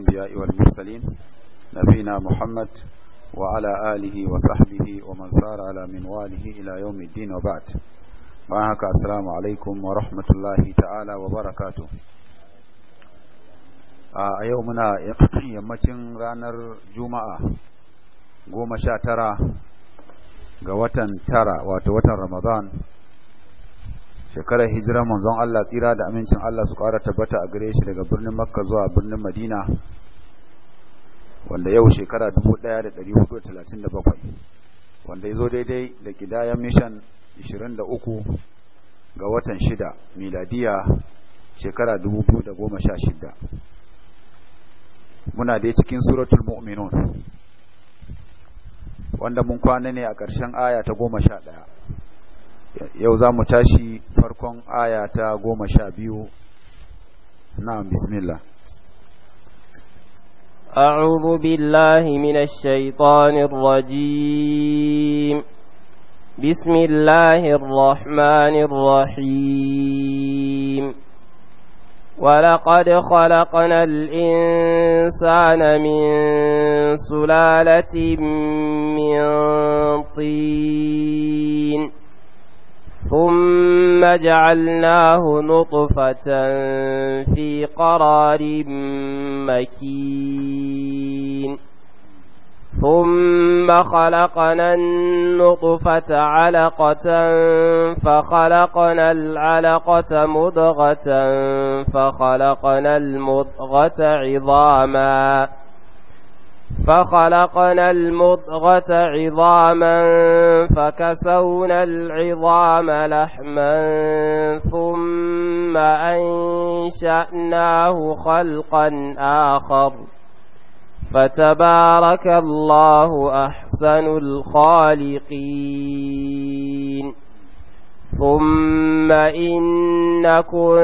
الأنبياء والمرسلين نبينا محمد وعلى آله وصحبه ومن سار على منواله إلى يوم الدين وبعد معك السلام عليكم ورحمة الله تعالى وبركاته a yau muna yammacin ranar juma'a goma sha tara ga watan tara wato watan ramadan shekarar hijirar manzon Allah tsira da amincin Allah su ƙara tabbata a gare shi daga birnin Makka zuwa birnin Madina wanda yau shekara 1437 wanda ya zo daidai da ƙidayen mishan 23 ga watan 6 miladiya shekara 2016 muna dai cikin suratul mu'minun wanda mun kwana ne a ƙarshen aya ta goma sha ɗaya yau za mu tashi farkon aya ta goma sha biyu na bismillah أعوذ بالله من الشيطان الرجيم بسم الله الرحمن الرحيم ولقد خلقنا الإنسان من سلالة من طين ثم جعلناه نطفة في قرار مكين ثم خلقنا النطفة علقة فخلقنا العلقة مضغة فخلقنا المضغة عظاماً فخلقنا المضغة عظاما فكسونا العظام لحما ثم أنشأناه خلقا آخر فتبارك الله أحسن الخالقين ثم إنكم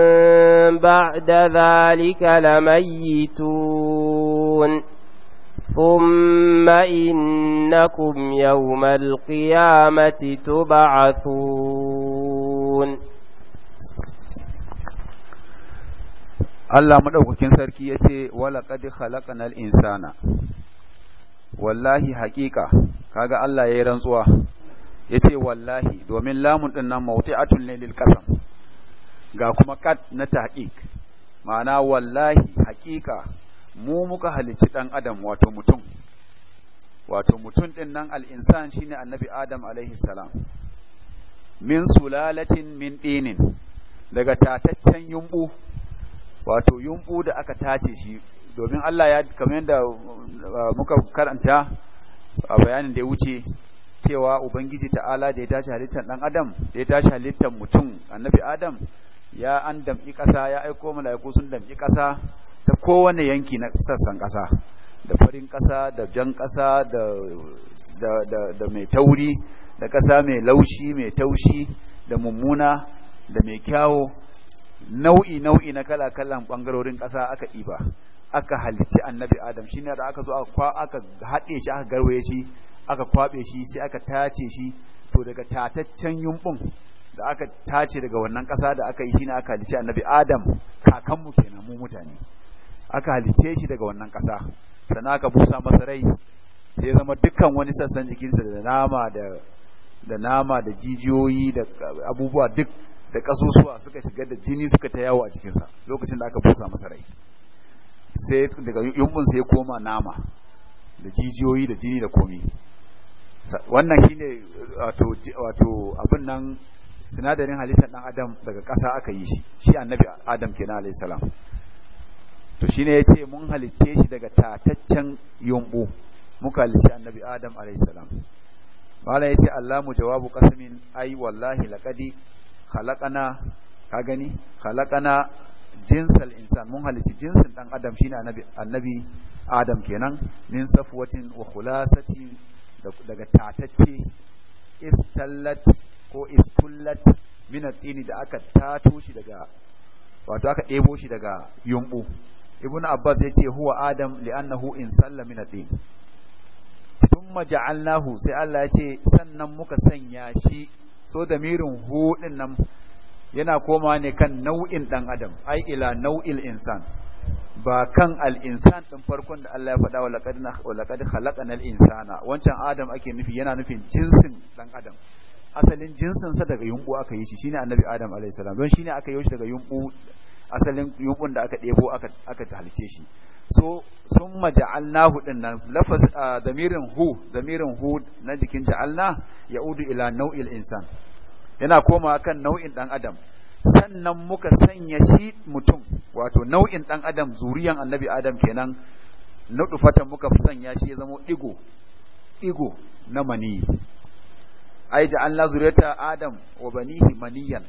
بعد ذلك لميتون ثم إنكم يوم القيامة تبعثون Allah maɗaukakin sarki ya ce, Walaƙad halaƙanar insana, wallahi haƙiƙa, kaga Allah ya yi rantsuwa, ya ce wallahi, domin lamun ɗin nan mawuti'atun ne lil ga kuma kat na taƙiƙ, ma'ana wallahi haƙiƙa mu muka halicci ɗan adam wato mutum wato mutum ɗin nan al'insan shi ne annabi adam alaihi salam min sulalatin min ɗinin daga tataccen yunɓu, wato yunɓu da aka tace shi domin Allah ya kamar yadda uh, muka karanta a bayanin da ya wuce cewa Ubangiji ta'ala da ya tashi halittar ɗan Adam da ya tashi halittar mutum annabi Adam ya an damƙi ƙasa ya aiko mala'iku sun damƙi ƙasa ta kowane yanki na sassan ƙasa da farin ƙasa da jan ƙasa da mai tauri da ƙasa mai laushi mai taushi da mummuna da mai kyawo nau'i nau'i na kala-kalan ɓangarorin ƙasa aka ɗiba aka halicci annabi adam shine da aka zo aka haɗe shi aka garwaye shi aka kwaɓe shi sai aka tace shi to daga tataccen yumɓun da aka tace daga wannan ƙasa da aka yi shine aka halicci annabi adam kakanmu kenan mu mutane aka halice shi daga wannan ƙasa sannan aka busa masa rai sai zama dukkan wani sassan jikinsa da nama da da nama da jijiyoyi da abubuwa duk da ƙasusuwa suka shiga da jini suka ta yawo a jikinsa lokacin da aka busa masa rai sai daga yumbun sai koma nama da jijiyoyi da jini da komi wannan shine wato wato abin nan sinadarin halittar dan adam daga ƙasa aka yi shi shi annabi adam kenan alayhi salam to shine ya ce mun halicce shi daga tataccen yumbu muka halicci annabi adam salam. malam ya ce mu jawabu kasamin ai wallahi laqadi khalaqana ka gani khalaqana jinsal insan mun halicci jinsin ɗan adam shine annabi adam kenan min safwatin wa khulasati daga tatacce istallat ko istullat min da aka tato shi daga wato aka ɗebo shi daga yumbu ibn abbas ya ce, huwa adam li'annahu in salla min ad-din thumma ja'alnahu sai Allah ce sannan muka sanya shi so damirin hu din nan yana koma ne kan nau'in dan adam ai ila nau'il insan ba kan al-insan din farkon da Allah ya faɗa wa laqad laqad khalaqnal insana wancan adam ake nufi yana nufin jinsin dan adam asalin jinsinsa daga yunƙu aka yi shi shine annabi adam alayhi salam don shine aka yi shi daga yunƙu asalin yubun da aka ɗebo aka halice shi so sun maja'alnahu hudun nan lafaz zamirin hu zamirin hu na jikin ja'alna ya udu ila nau'il insan yana koma kan nau'in dan adam sannan muka sanya shi mutum wato nau'in ɗan adam zuriyan annabi adam kenan nudufatan muka sanya shi ya zama digo digo na mani ai ja'alna zuriyata adam wa banihi maniyan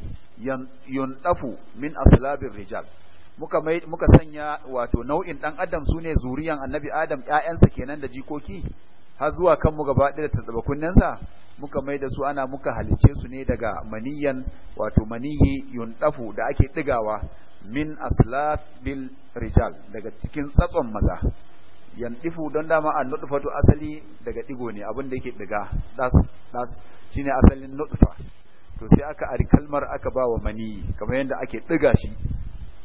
yundafu min aslabir rijal muka mai muka sanya wato nau'in dan adam sune zuriyan annabi adam ƴaƴansa kenan da jikoki har zuwa kan mu gaba da tattabakunnansa muka mai da su ana muka halice su ne daga maniyan wato maniyi yundafu da ake digawa min aslabil rijal daga cikin tsatson maza yandifu don dama a nutfatu asali daga digo ne abin da yake diga das das shine asalin nutfa to sai aka ari kalmar aka ba wa maniyi kamar yadda ake ɗiga shi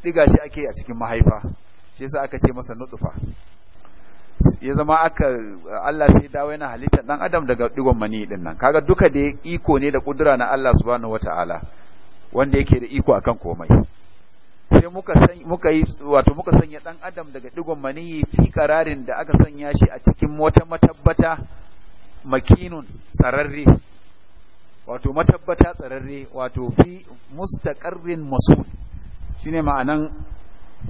ɗiga shi ake a cikin mahaifa shi yasa aka ce masa nutsufa ya zama aka Allah sai dawo yana halittar dan adam daga digon mani din nan kaga duka da iko ne da kudura na Allah subhanahu wataala wanda yake da iko akan komai sai muka san muka yi wato muka sanya dan adam daga digon mani fi kararin da aka sanya shi a cikin wata matabbata makinun sararri wato matabbata tsararre wato fi mustaqarrin masul shine ma'anan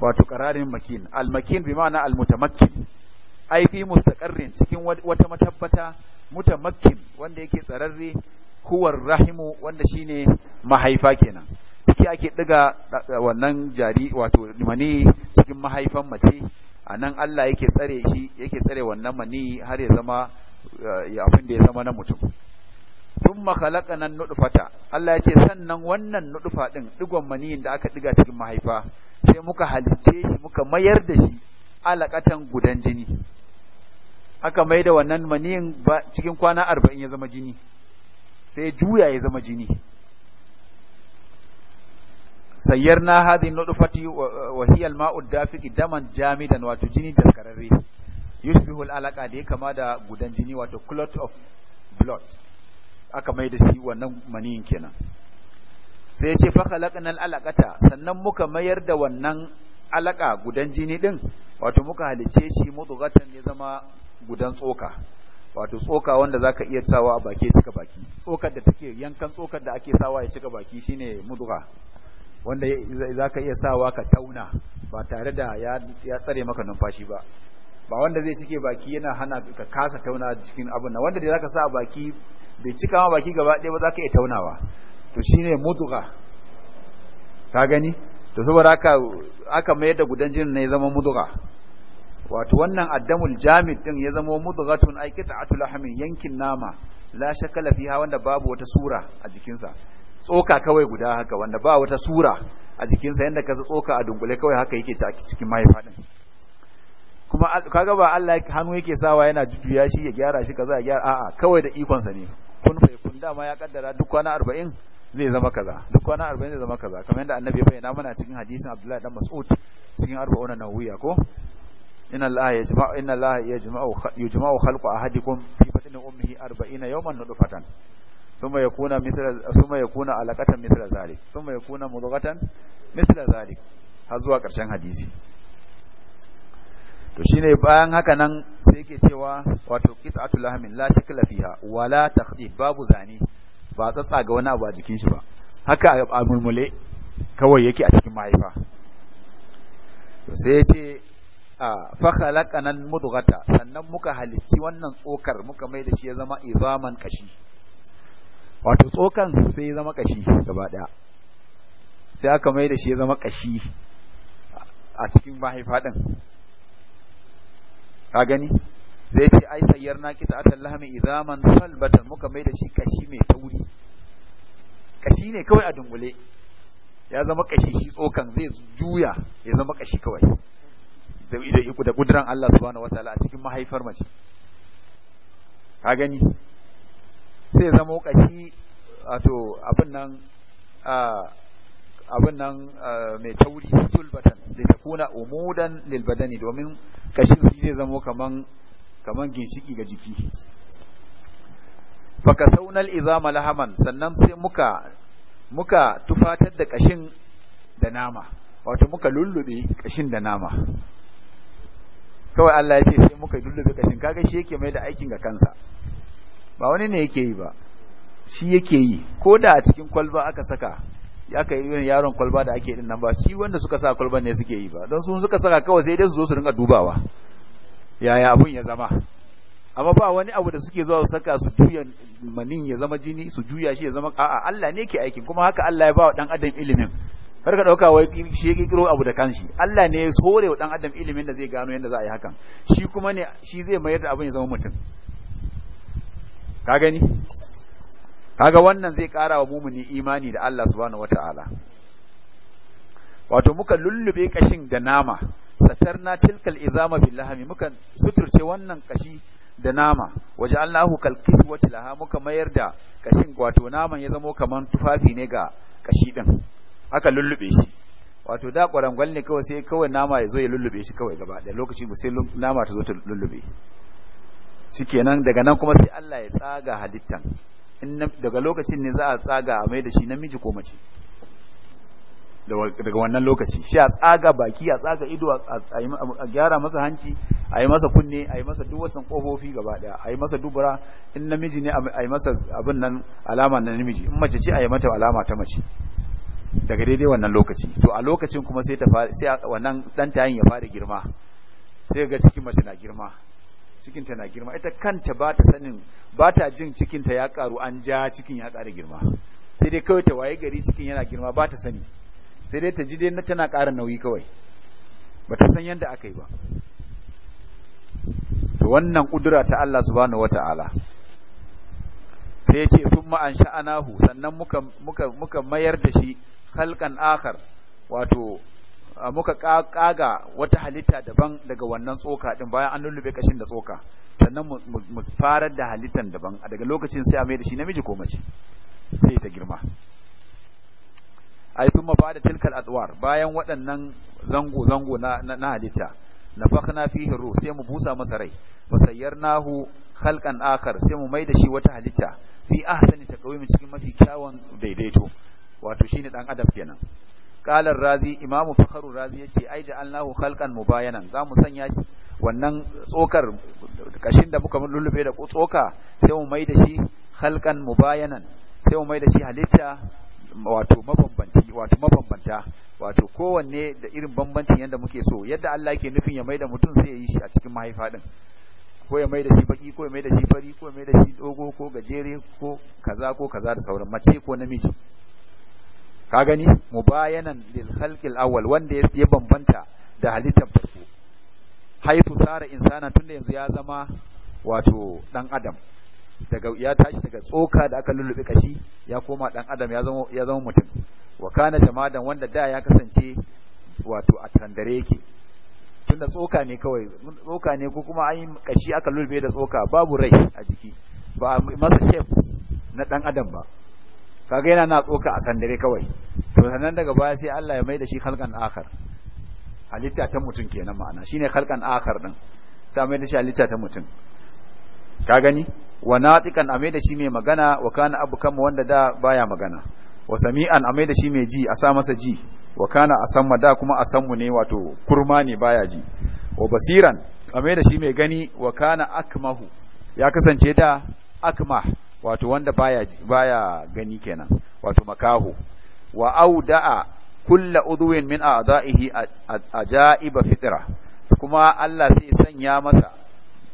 wato qararin makin al-makin bi ma'ana al-mutamakkin ai fi mustaqarrin cikin wata matabbata mutamakkin wanda yake tsararre huwar rahimu wanda shine mahaifa kenan ciki ake diga wannan jari wato mani cikin mahaifan mace anan Allah yake tsare shi yake tsare wannan mani har ya zama eh, abin da ya zama na mutum thumma nan nutfata Allah ya ce sannan wannan nutfa din digon maniyin da aka diga cikin mahaifa sai muka halice shi muka mayar da shi alaqatan gudan jini aka mai da wannan maniyin cikin kwana arba'in ya zama jini sai juya ya zama jini sayyarna na nutfati wa hiya al-ma'u dafiqi daman jamidan wato jini da yushbihu hul alaqa da ya kama da gudan jini wato clot of blood aka mai da shi wannan maniyin kenan sai ya ce fakhalaqnal alaqata sannan muka mayar da wannan alaka gudan jini din wato muka halice shi mudghatan ya zama gudan tsoka wato tsoka wanda zaka iya sawa a baki cika baki tsokar da take yankan tsokar da ake sawa ya cika baki shine mudgha wanda zaka iya sawa ka tauna ba tare da ya tsare maka numfashi ba ba wanda zai cike baki yana hana ka kasa tauna cikin abin nan wanda da zaka sa a baki bai cika ma baki gaba ɗaya ba za ka iya taunawa to shi ne mutuka ka gani to saboda aka mayar da gudan jinin ne ya zama mutuka wato wannan addamul jamid din ya zama mudghatun ay qita'atu lahmin yankin nama la shakala ha wanda babu wata sura a jikinsa tsoka kawai guda haka wanda ba wata sura a jikinsa yanda ka tsoka a dunkule kawai haka yake ci a cikin mahaifa din kuma kaga ba Allah hannu yake sawa yana jujjuya shi ya gyara shi kaza ya gyara a'a kawai da ikonsa ne dama ya kaddara duk kwana arba'in zai zama kaza duk kwana arba'in zai zama kaza kamar yadda annabi ya bayyana mana cikin hadisin abdullahi dan mas'ud cikin arba'una nawiya ko inna ya yajma'u inna allaha yajma'u yajma'u khalqu ahadikum fi batni ummihi arba'ina yawman nudfatan thumma yakuna mithla thumma yakuna alaqatan mithla zalik thumma yakuna mudghatan mithla zalik har zuwa ƙarshen hadisi to shine bayan haka nan sai yake cewa wato qit'atu lahmin la shakla fiha wala taqdid babu zani ba tsatsa ga wani abu a jikin shi ba haka a mulmule kawai yake a cikin mahaifa to sai yace a fa khalaqana mudghata sannan muka halicci wannan tsokar muka mai da shi ya zama izaman kashi wato tsokan sai ya zama kashi gaba daya sai aka mai da shi ya zama kashi a cikin mahaifa din a gani zai ce ai sayar na kita atal lahmi idaman salbatan muka mai da shi kashi mai tauri kashi ne kawai a dungule ya zama kashi shi tsokan zai juya ya zama kashi kawai da iko da kuduran Allah subhanahu wataala a cikin mahaifar mace ka gani sai zama kashi wato abin nan abin nan mai tauri sulbatan da ta kuna umudan lil badani domin kashin zai zamo kaman kaman ginshiki ga jiki fakasaunal izama lahaman sannan sai muka tufatar da kashin da nama wato muka lullube kashin da nama kawai Allah ya ce sai muka lullube kashin kaga shi yake mai da aikin ga kansa ba wani ne yake yi ba shi yake yi ko da a cikin kwalba aka saka ya yi irin yaron kwalba da ake din nan ba shi wanda suka sa kwalban ne suke yi ba don sun suka saka kawai sai dai su zo su ringa dubawa yaya abun ya zama amma ba wani abu da suke zuwa su saka su juya manin ya zama jini su juya shi ya zama a'a Allah ne ke aikin kuma haka Allah ya ba wa dan adam ilimin kar ka dauka wai shi ya kikiro abu da kanshi Allah ne ya hore wa dan adam ilimin da zai gano yadda za a yi hakan shi kuma ne shi zai mayar da abun ya zama mutum ka gani kaga wannan zai ƙara wa mumuni imani da Allah subhanahu wata'ala wato muka lullube kashin da nama satarna tilkal izama bil lahmi muka suturce wannan kashi da nama waje Allahu kalkis wa laha muka mayar da kashin wato naman ya zamo kaman tufafi ne ga kashi din aka lullube shi wato da kwarangwal ne kawai sai kawai nama ya zo ya lullube shi kawai gaba da lokaci sai nama ta zo ta lullube shikenan daga nan kuma sai Allah ya tsaga halittan daga lokacin ne za a tsaga a mai da shi namiji ko mace daga wannan lokaci shi a tsaga baki a tsaga ido a gyara masa hanci a yi masa kunne a yi masa duwatsan ƙofofi gaba daya a yi masa dubura in namiji ne a yi masa abin nan alama na namiji in mace ce a yi mata alama ta mace daga daidai wannan lokaci to a lokacin kuma sai ta sai wannan dan tayin ya fara girma sai ga cikin mace na girma cikin ta na girma ita kanta ba ta sanin ba ta jin cikinta ya karu an ja cikin ya ƙara girma sai dai kawai ta waye gari cikin yana girma ba ta sani sai dai ta ji dai tana ƙara nauyi kawai ba ta san yadda aka yi ba to wannan ƙudura ta Allah subhanahu wata'ala sai ya ce sun an sha'anahu sannan muka, muka, muka mayar da shi halkan akar wato muka kaga wata halitta daban daga wannan tsoka din bayan an lullube kashin da tsoka sannan mu farar da halittar daban a daga lokacin sai a mai da shi namiji ko mace sai ta girma a yi tun ba da tilkal adwar bayan waɗannan zango zango na halitta, na, fakana nafakna ruh sai mu busa masa rai nahu halkan akar sai mu mai da shi wata halitta fi ahsani mu cikin mafi kyawun daidaito wato shine dan adam kenan qalar razi imamu fakharu razi yace ai da allahu khalqan mubayanan za mu sanya wannan tsokar kashin da muka lullube da tsoka sai mu mai da shi halkan mubayanan sai mu mai da shi halitta wato mabambanci wato mabambanta wato kowanne da irin bambancin yadda muke so yadda Allah yake nufin ya mai da mutum sai ya yi shi a cikin mahaifa din ko ya mai da shi baki ko ya mai da shi fari ko ya mai da shi dogo ko gajere ko kaza ko kaza da sauran mace ko namiji ka gani mubayanan lil khalqil awwal wanda ya bambanta da halittar haifu sara insana da yanzu ya zama wato dan adam daga ya tashi daga tsoka da aka lullube kashi ya koma dan adam ya zama ya zama mutum wa kana jamadan wanda da ya kasance wato a tandare yake tunda tsoka ne kawai tsoka ne ko kuma ai kashi aka lullube da tsoka babu rai a jiki ba masa shef na dan adam ba kaga yana na tsoka a tandare kawai to sannan daga baya sai Allah ya maida shi halkan akhar halitta ta mutum kenan ma'ana shine khalqan akhar din sai mai da shi halitta ta mutum ka gani wa natiqan amai da shi mai magana wa kana abu kama wanda da baya magana wa sami'an amai da shi mai ji a sa masa ji wa kana a asamma da kuma a asammu ne wato kurma ne baya ji wa basiran amai da shi mai gani wa kana akmahu ya kasance da akma wato wanda baya baya gani kenan wato makaho wa auda'a kulla udwin min a'dha'ihi ajaiba fitra kuma Allah sai sanya masa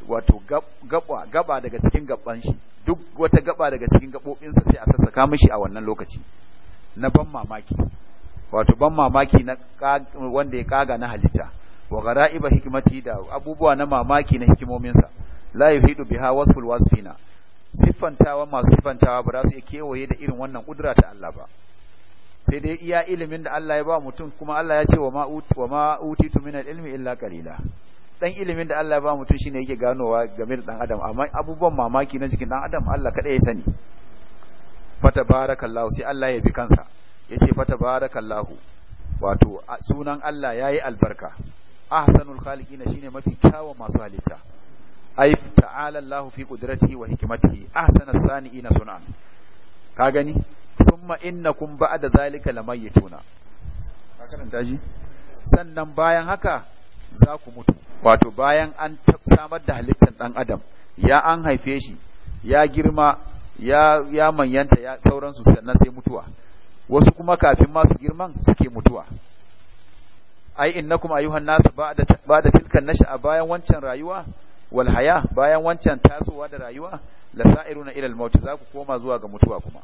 wato gaba gaba daga cikin gaban shi duk wata gaba daga cikin sa sai a sassaka mishi a wannan lokaci na ban mamaki wato ban mamaki na wanda ya kaga na halitta wa gara'iba hikmati da abubuwa na mamaki na hikimominsa la yuhidu biha wasful wasfina Sifantawa masu sifantawa ba za su iya kewaye da irin wannan kudura ta Allah ba sai dai iya ilimin da Allah ya ba mutum kuma Allah ya ce wa ma wa utitu min ilmi illa qalila dan ilimin da Allah ya ba mutum shine yake ganowa game da dan adam amma abubuwan mamaki na jikin dan adam Allah kada ya sani fatabarakallahu sai Allah ya bi kansa yace fatabarakallahu wato sunan Allah yayi albarka ahsanul khaliqina shine mafi kyawun masu halitta ai ta'ala fi qudratihi wa hikmatihi ahsana sani'ina sunan ka gani thumma innakum ba'da zalika lamayituna ka karanta sannan bayan haka za ku mutu wato bayan an samar da halittar dan adam ya an haife shi ya girma ya ya manyanta ya sauransu sannan sai mutuwa wasu kuma kafin masu girman suke mutuwa ai innakum ayuhan nas ba'da ba'da tilkan nasha bayan wancan rayuwa wal haya bayan wancan tasowa da rayuwa la sa'iruna ila al maut za ku koma zuwa ga mutuwa kuma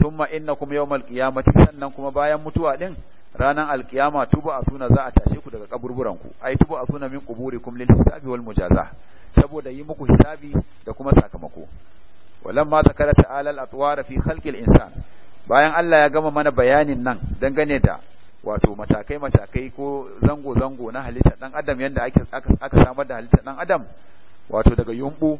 thumma innakum yawmal qiyamati sannan kuma bayan mutuwa din ranar alkiyama tubu a suna za a tashe ku daga kaburburan ku ai tubu a suna min kuburikum lil hisabi wal mujaza saboda yi muku hisabi da kuma sakamako walamma zakara ta'ala al-atwar fi khalqil insan bayan Allah ya gama mana bayanin nan dangane da wato matakai matakai ko zango zango na halitta dan adam yanda aka aka samar da halitta dan adam wato daga yumbu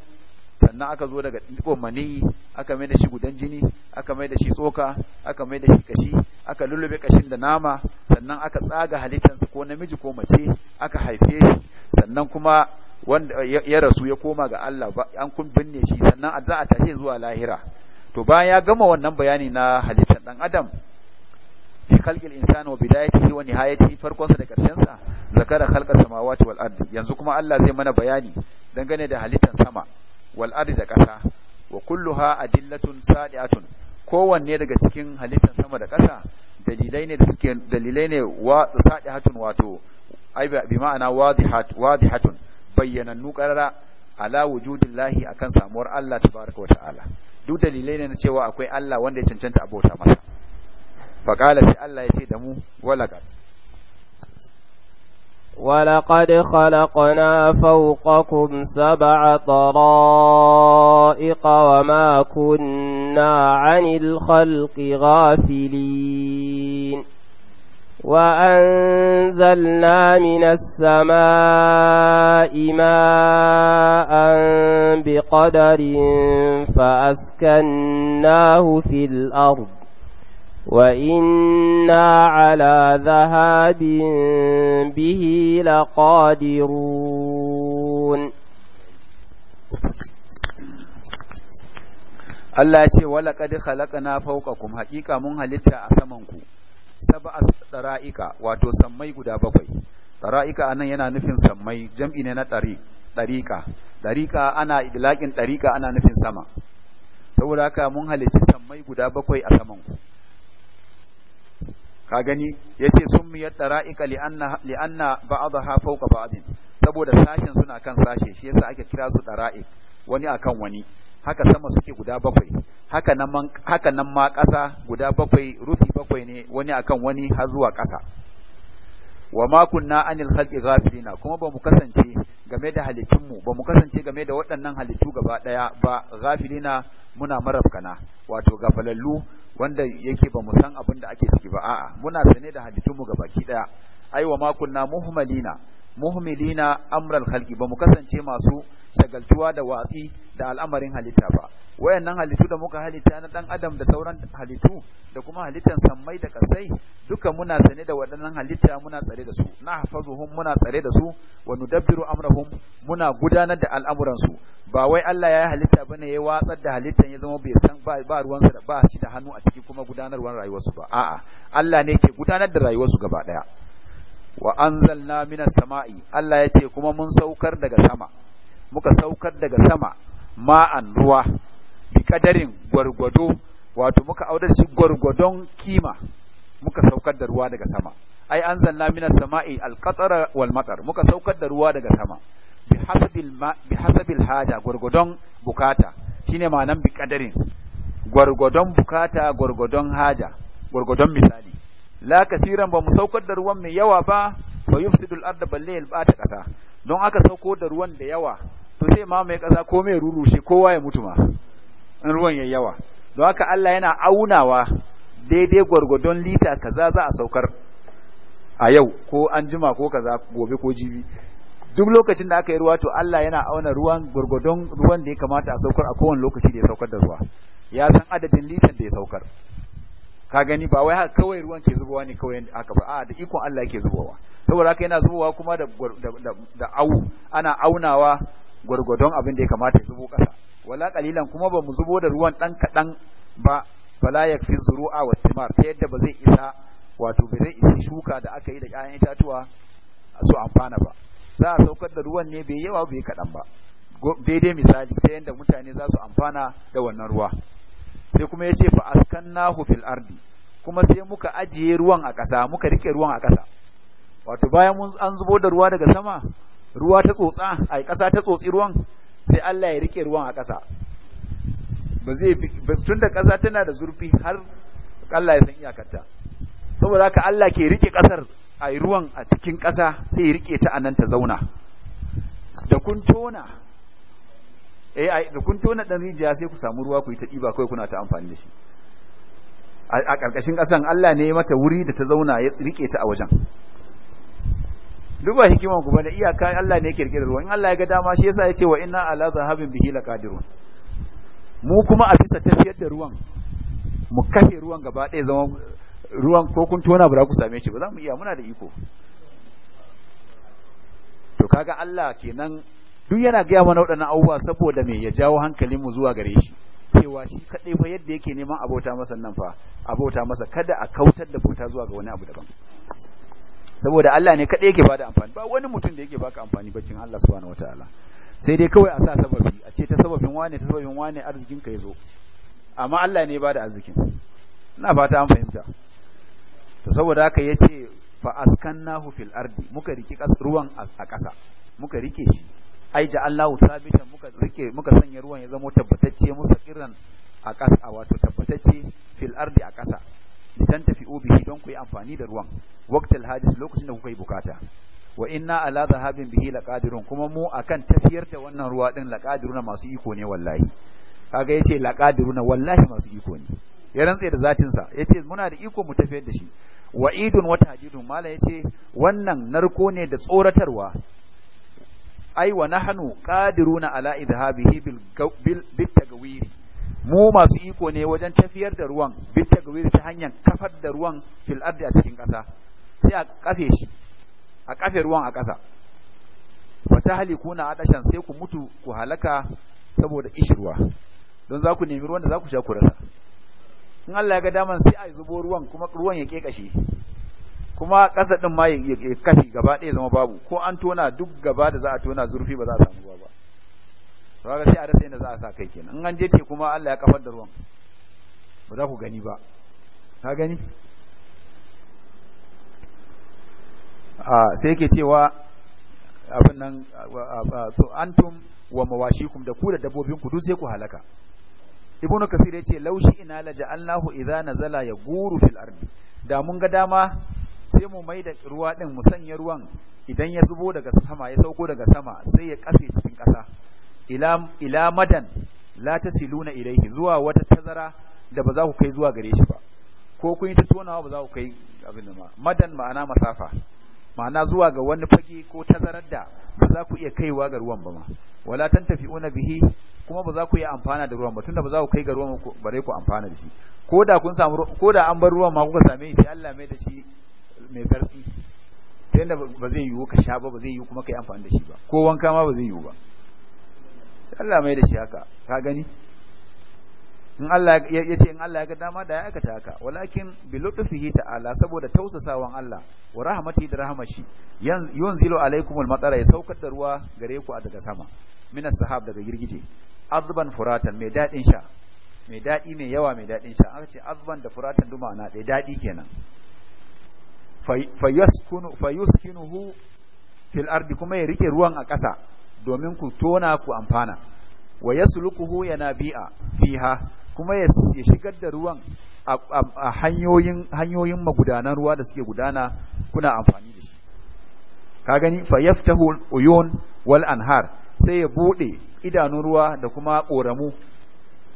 sannan aka zo daga ɗigon maniyi aka mai da shi gudan jini aka mai da shi tsoka aka mai da shi kashi aka lullube kashin da nama sannan aka tsaga halittarsa ko namiji ko mace aka haife shi sannan kuma wanda ya rasu ya koma ga Allah an kun binne shi sannan za a tashi zuwa lahira to bayan ya gama wannan bayani na halittar dan adam fi khalqil insani wa bidayatihi wa nihayatihi farkon sa da karshen sa zakara khalqas samawati wal ardi yanzu kuma Allah zai mana bayani dangane da halittar sama wal da ƙasa wa a dillatun sadiatun kowanne daga cikin halittar sama da ƙasa dalilai ne suke dalilai ne wa sadihatun wato bi ma'ana wadihat wadihatun bayyanannu qarara ala wujudillahi akan samuwar Allah ta wa ta'ala duk dalilai ne na cewa akwai Allah wanda ya cancanta abota masa faqala sai Allah ya ce da mu walaqad ولقد خلقنا فوقكم سبع طرائق وما كنا عن الخلق غافلين وأنزلنا من السماء ماء بقدر فأسكناه في الأرض وإنا على ذهاب به لقادرون Allah ya ce wala kad khalaqna fawqakum haqiqa mun halitta a saman ku sab'a dara'ika wato sammai guda bakwai dara'ika anan yana nufin sammai jam'i ne na dari dariqa dariqa ana idlaqin dariqa ana nufin sama saboda haka mun halitta sammai guda bakwai a samanku. ku ka gani ya ce sun li anna li anna ha fauka ba'adin saboda sashen suna kan sashe shi yasa ake kira su dara'iq wani akan wani haka sama suke guda bakwai haka nan ma ƙasa guda bakwai rufi bakwai ne wani akan wani har zuwa ƙasa wa ma na anil halƙi ghafilina kuma ba mu kasance game da halittunmu ba mu kasance game da waɗannan halittu gaba ɗaya ba gafilina muna marafkana wato gafalallu wanda yake ba mu san abin da ake ciki ba a'a muna sane da mu ga baki daya ai wa ma kunna muhmalina muhmilina amral khalqi ba mu kasance masu shagaltuwa da watsi da al'amarin halitta ba wayannan halittu da muka halitta na dan adam da sauran halittu da kuma halittan sammai da kasai duka muna sane da waɗannan halitta muna tsare da su na hafazuhum muna tsare da su wa nudabbiru amrahum muna gudanar da al'amuransu ba wai Allah ya yi halitta bane ya watsar da halitta, ya zama bai san ba ba ruwansa da ba shi da hannu a ciki kuma gudanarwar rayuwarsu ba a'a Allah ne ke gudanar da rayuwarsu gaba daya wa anzalna minas sama'i Allah ya ce kuma mun saukar daga sama muka saukar daga sama ma'an ruwa bi kadarin gwargwado wato muka audar shi gwargwadon kima muka saukar da ruwa daga sama ai anzalna minas sama'i alqatara wal matar muka saukar da ruwa daga sama bi hasabil haja gwargwadon bukata shine ma'anan bi kadarin gwargwadon bukata gwargwadon haja gwargwadon misali la kasiran ba mu saukar da ruwan mai yawa ba fa yufsidul arda balle ya bata kasa don aka sauko da ruwan da yawa to sai ma mai kasa ko mai rurushe kowa ya mutu ma in ruwan yayi yawa don haka Allah yana aunawa daidai gwargwadon lita kaza za a saukar a yau ko an jima ko kaza gobe ko jibi duk lokacin da aka yi ruwa to Allah yana auna ruwan gurgudun ruwan da ya kamata a saukar a kowane lokaci da ya saukar da ruwa ya san adadin litan da ya saukar ka gani ba wai haka kawai ruwan ke zubowa ne kawai haka ba a da ikon Allah yake zubowa saboda haka yana zubowa kuma da da au ana aunawa gurgudun abin da ya kamata ya zubo kasa wala kalilan kuma ba mu zubo da ruwan dan kadan ba bala fi zuru'a wa timar ta yadda ba zai isa wato ba zai isa shuka da aka yi da ƴaƴan itatuwa su amfana ba za a saukar da ruwan ne bai yawa bai kaɗan ba daidai misali ta yadda mutane za su amfana da wannan ruwa sai kuma ya ce fa na fil ardi kuma sai muka ajiye ruwan a ƙasa muka rike ruwan a ƙasa wato bayan mun an zubo da ruwa daga sama ruwa ta tsotsa a ƙasa ta tsotsi ruwan sai Allah ya rike ruwan a ƙasa ba zai tunda ƙasa tana da zurfi har Allah ya san iyakarta saboda haka Allah ke rike ƙasar a yi ruwan a cikin ƙasa sai ya riƙe ta a nan ta zauna da kun tona da kun tona ɗan rijiya sai ku samu ruwa ku yi ta ɗiba kawai kuna ta amfani da shi a ƙarƙashin ƙasan Allah ne mata wuri da ta zauna ya riƙe ta a wajen duk ba hikiman ku bane iyaka Allah ne yake kirkira da ruwa in Allah ya ga dama shi yasa ya ce wa inna ala zahabin bihi laqadirun mu kuma a bisa tafiyar da ruwan mu kafe ruwan gaba ɗaya zama ruwan ko kun tona ba ku same shi ba za mu iya muna da iko to kaga Allah kenan duk yana gaya mana waɗannan abubuwa saboda me ya jawo hankalinmu zuwa gare shi cewa shi kaɗai fa yadda yake neman abota masa nan fa abota masa kada a kautar da bota zuwa ga wani abu daban saboda Allah ne kaɗai yake bada amfani ba wani mutum da yake baka amfani bacin Allah subhanahu wataala sai dai kawai a sa sababi a ce ta sababin wane ta sababin wane arzikin ka yazo amma Allah ne bada arzikin ina fata an fahimta to saboda haka yace fa askannahu fil ardi muka riki ruwan a ƙasa muka rike shi ai ja'allahu sabitan muka rike muka sanya ruwan ya zama tabbatacce musaqiran a ƙasa wato tabbatacce fil ardi a ƙasa litan tafi'u bihi don ku yi amfani da ruwan waqtal hadis lokacin da kuka yi bukata wa inna ala zahabin bihi laqadirun kuma mu akan tafiyar da wannan ruwa din laqadiruna masu iko ne wallahi kaga yace laqadiruna wallahi masu iko ne ya rantse da zatinsa ya ce muna da iko mu tafiyar da shi wa'idun wata hadidun malam ya ce wannan narko ne da tsoratarwa ai wa nahnu qadiruna ala idhabihi bil bil tagwiri mu masu iko ne wajen tafiyar da ruwan bil ta hanyar kafar da ruwan fil ardi a cikin kasa sai a kafe shi a kafe ruwan a kasa. ƙasa tahlikuna adashan sai ku mutu ku halaka saboda kishirwa don za ku nemi ruwan da za ku sha ku rasa in Allah ya ga daman sai a zubo ruwan kuma ruwan ya kekashe kuma ƙasa din ma ya kafi gaba ɗaya zama babu ko an tona duk gaba da za a tona zurfi ba za a samu ba ga sai a rasa yadda za a sa kai kenan in an je te kuma Allah ya kafar da ruwan ba za ku gani ba ka gani sai yake cewa abin nan antum wa mawashikum da ku da dabbobin ku duk sai ku halaka ibnu kasir ce laushi ina la ja'alnahu idza nazala yaguru fil ardi da mun ga dama sai mu mai da ruwa din mu sanya ruwan idan ya zubo daga sama ya sauko daga sama sai ya kafe cikin kasa ila ila madan la tasiluna ilayhi zuwa wata tazara da ba za ku kai zuwa gare shi ba ko kun yi tatonawa ba za ku kai abin ma madan ma'ana masafa ma'ana zuwa ga wani fage ko tazarar da ba za ku iya kaiwa ga ruwan ba ma wala tantafi'una bihi kuma ba za ku yi amfana da ruwan ba tunda ba za ku kai ga ruwan bare ku amfana da shi ko da kun samu ko da an bar ruwan ma kuka same shi Allah mai da shi mai karfi ta yadda ba zai yiwu ka sha ba ba zai yiwu kuma ka yi amfani da shi ba ko wanka ma ba zai yiwu ba Allah mai da shi haka ka gani in Allah ya ce in Allah ya ga dama da ya aikata haka walakin bi lutfihi ta'ala saboda tausasawan Allah wa rahmati da rahmashi yanzilu alaikumul matara ya saukar da ruwa gare ku daga sama minas sahab daga girgije azban furatan mai daɗin sha mai daɗi mai yawa mai daɗin sha aka ce azban da furatan duma na ɗaya daɗi kenan fayuskinuhu fil ardi kuma ya rike ruwan a ƙasa domin ku tona ku amfana wa yana yanabi'a fiha kuma ya shigar da ruwan a hanyoyin hanyoyin magudanan ruwa da suke gudana kuna amfani da shi ka gani fayaftahu uyun wal anhar sai ya bude idanun ruwa da kuma ƙoramu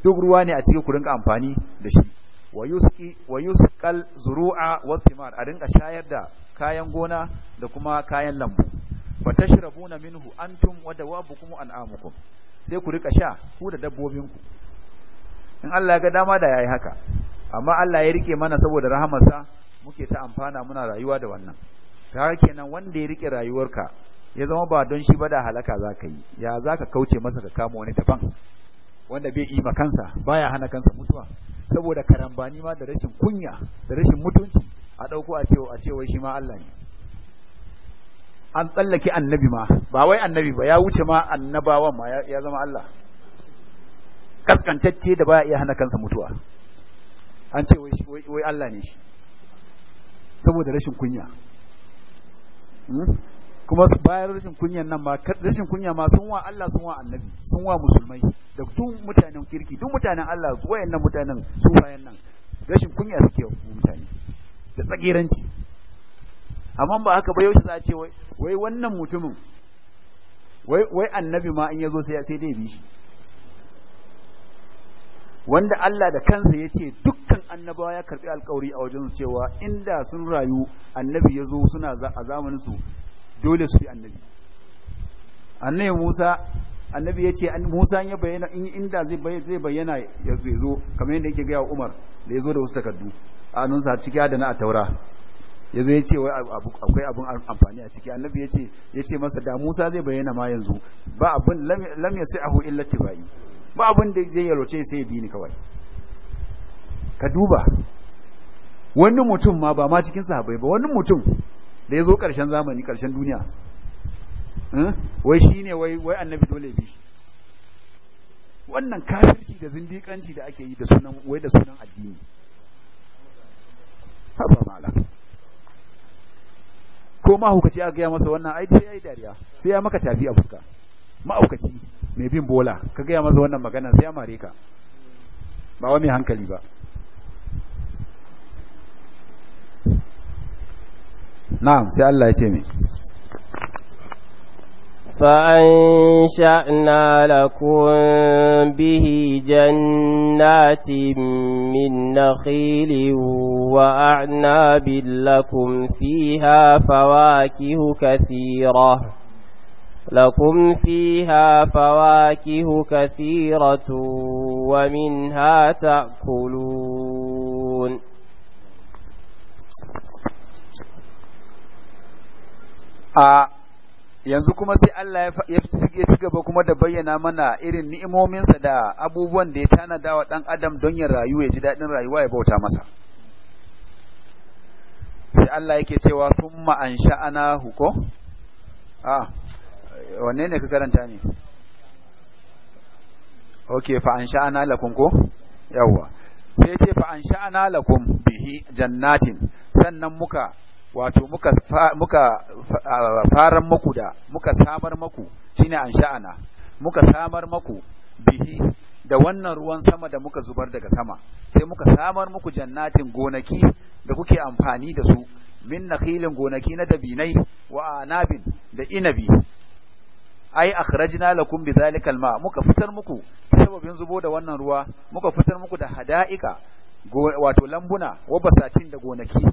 duk ruwa ne a cikin ku rinka amfani da shi wa yusqal zuru'a wa thimar a rinka shayar da kayan gona da kuma kayan lambu fa tashrabuna minhu antum wa dawabukum an'amukum sai ku rika sha ku da dabbobin ku. in Allah ya ga dama da yayi haka amma Allah ya rike mana saboda rahamarsa muke ta amfana muna rayuwa da wannan ta kenan wanda ya rike rayuwarka ya zama ba don shi ba da halaka za ka yi ya za ka kauce masa ka kama wani daban wanda bai ima kansa baya hana kansa mutuwa saboda karambani ma da rashin kunya da rashin mutunci a ɗauko a cewa a cewa shi ma Allah ne an tsallake annabi ma ba wai annabi ba ya wuce ma annabawan ma ya zama Allah kaskantacce da baya iya hana kansa mutuwa an ce wai Allah ne saboda rashin kunya hmm? kuma su bayar rashin kunyan nan ma rashin kunya ma sun wa Allah sun wa annabi sun wa musulmai da tun mutanen kirki duk mutanen Allah wayannan mutanen su bayan nan rashin kunya suke wa mutane da tsagiranci amma ba haka ba yau za a ce wai wannan mutumin wai annabi ma in yazo sai sai dai bi shi wanda Allah da kansa ya ce dukkan annabawa ya karbi alkawari a wajen cewa inda sun rayu annabi ya zo suna a zamaninsu dole su bi annabi annabi Musa annabi ya ce Musa ya bayyana in inda zai bayyana ya zo kamar yadda yake gaya wa Umar da ya zo da wasu takardu a nan sa ciki da na a taura ya zo ya ce wai akwai abin amfani a ciki annabi ya ce ya ce masa da Musa zai bayyana ma yanzu ba abin lam a illa tibai ba abin da zai yaroce sai ya bi ni kawai ka duba wani mutum ma ba ma cikin sahabbai ba wani mutum da ya zo ƙarshen zamani ƙarshen duniya hmm? wai shi ne wai annabi dole bi wannan kafirci da zindikanci da ake yi da sunan wai da sunan addini haɓa mala ko mahaukaci aka gaya masa wannan aiki sai ya yi dariya sai ya maka tafi a fuska mahaukaci mai bin bola ka gaya masa wannan magana sai ya mare ka ba wa mai hankali ba نعم سي الله يتيمي فأنشأنا لكم به جنات من نخيل وأعناب لكم فيها فواكه كثيرة لكم فيها فواكه كثيرة ومنها تأكلون a yanzu kuma sai Allah ya ci gaba kuma da bayyana mana irin ni'imominsa da abubuwan da ya tanada wa ɗan adam don ya rayu ya ji daɗin rayuwa ya bauta masa sai Allah yake cewa sun ma'an sha'ana huko a wanne ne ka karanta ne ok fa'an sha'ana lakum ko yawwa sai ce fa'an sha'ana lakum bihi jannatin sannan muka wato muka muka faran muku da muka samar maku shine an sha'ana muka samar maku bihi da wannan ruwan sama da muka zubar daga sama sai muka samar muku jannatin gonaki da kuke amfani da su min nakhilin gonaki na dabinai wa anabin da inabi ai akhrajna lakum bidhalika alma muka fitar muku sababin zubo da wannan ruwa muka fitar muku da hada'ika wato lambuna wa basatin da gonaki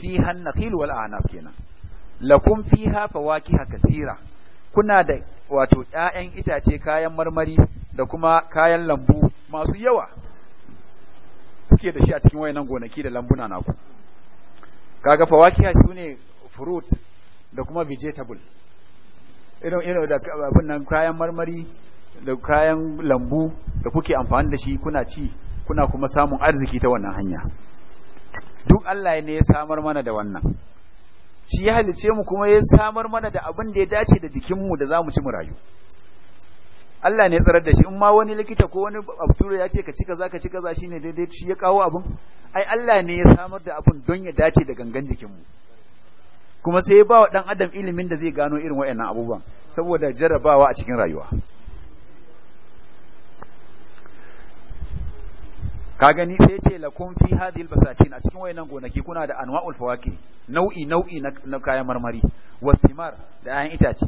fiha an-nakhil wal anab kenan lakum fiha fawakiha katira. kuna da wato 'ya'yan itace kayan marmari da kuma kayan lambu masu yawa kuke da shi a cikin wayannan gonaki da lambuna naku kaga fawakiha sune fruit da kuma vegetable irin irin da abin nan kayan marmari da kayan lambu da kuke amfani da shi kuna ci kuna kuma samun arziki ta wannan hanya duk Allah ne ya samar mana da wannan shi ya halice mu kuma ya samar mana da abin da ya dace da jikinmu da za mu ci mu rayu Allah ne ya tsarar da shi in ma wani likita ko wani abdura ya ce ka ci kaza ka ci kaza shine daidai shi ya kawo abin ai Allah ne ya samar da abin don ya dace da gangan jikinmu kuma sai ya ba wa dan adam ilimin da zai gano irin waɗannan abubuwan saboda jarrabawa a cikin rayuwa ka gani sai ce kun fi hadhihi albasatin a cikin wayannan gonaki kuna da anwa'ul fawaki nau'i nau'i na kayan marmari wasimar da 'ya'yan itace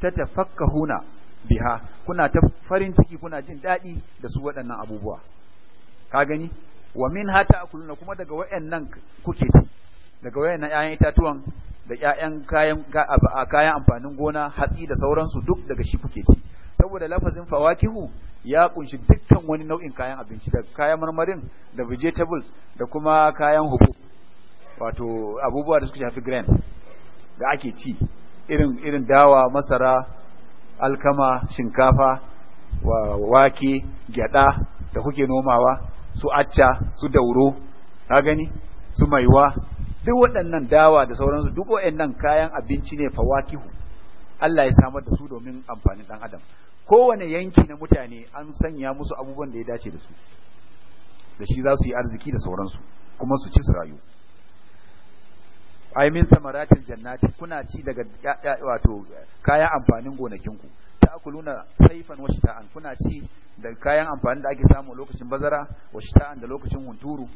ta tafakkahuna biha kuna ta farin ciki kuna jin dadi da su waɗannan abubuwa ka gani wa min hata akuluna kuma daga wayannan kuke ci daga wayannan 'ya'yan itatuwan da 'ya'yan kayan kayan amfanin gona hatsi da sauransu duk daga shi kuke ci saboda lafazin fawakihu ya kunshi dukkan wani nau'in kayan abinci da kayan marmarin da vegetables da kuma kayan hubu wato abubuwa da suka shafi grain da ake ci irin irin dawa masara alkama shinkafa wake gyada da kuke nomawa su acca su dauro ka gani su maiwa duk waɗannan dawa da sauransu duk waɗannan kayan abinci ne fawakihu Allah ya samar da su domin amfanin ɗan adam kowane yanki na mutane an sanya musu abubuwan da ya dace da su da shi za su yi arziki da sauransu kuma su ci su rayu ai min samaratil jannati kuna ci daga wato kayan amfanin gonakinku ta ta'kuluna saifan wa shita'an kuna ci daga kayan amfanin da ake samu lokacin bazara wa shita'an da lokacin hunturu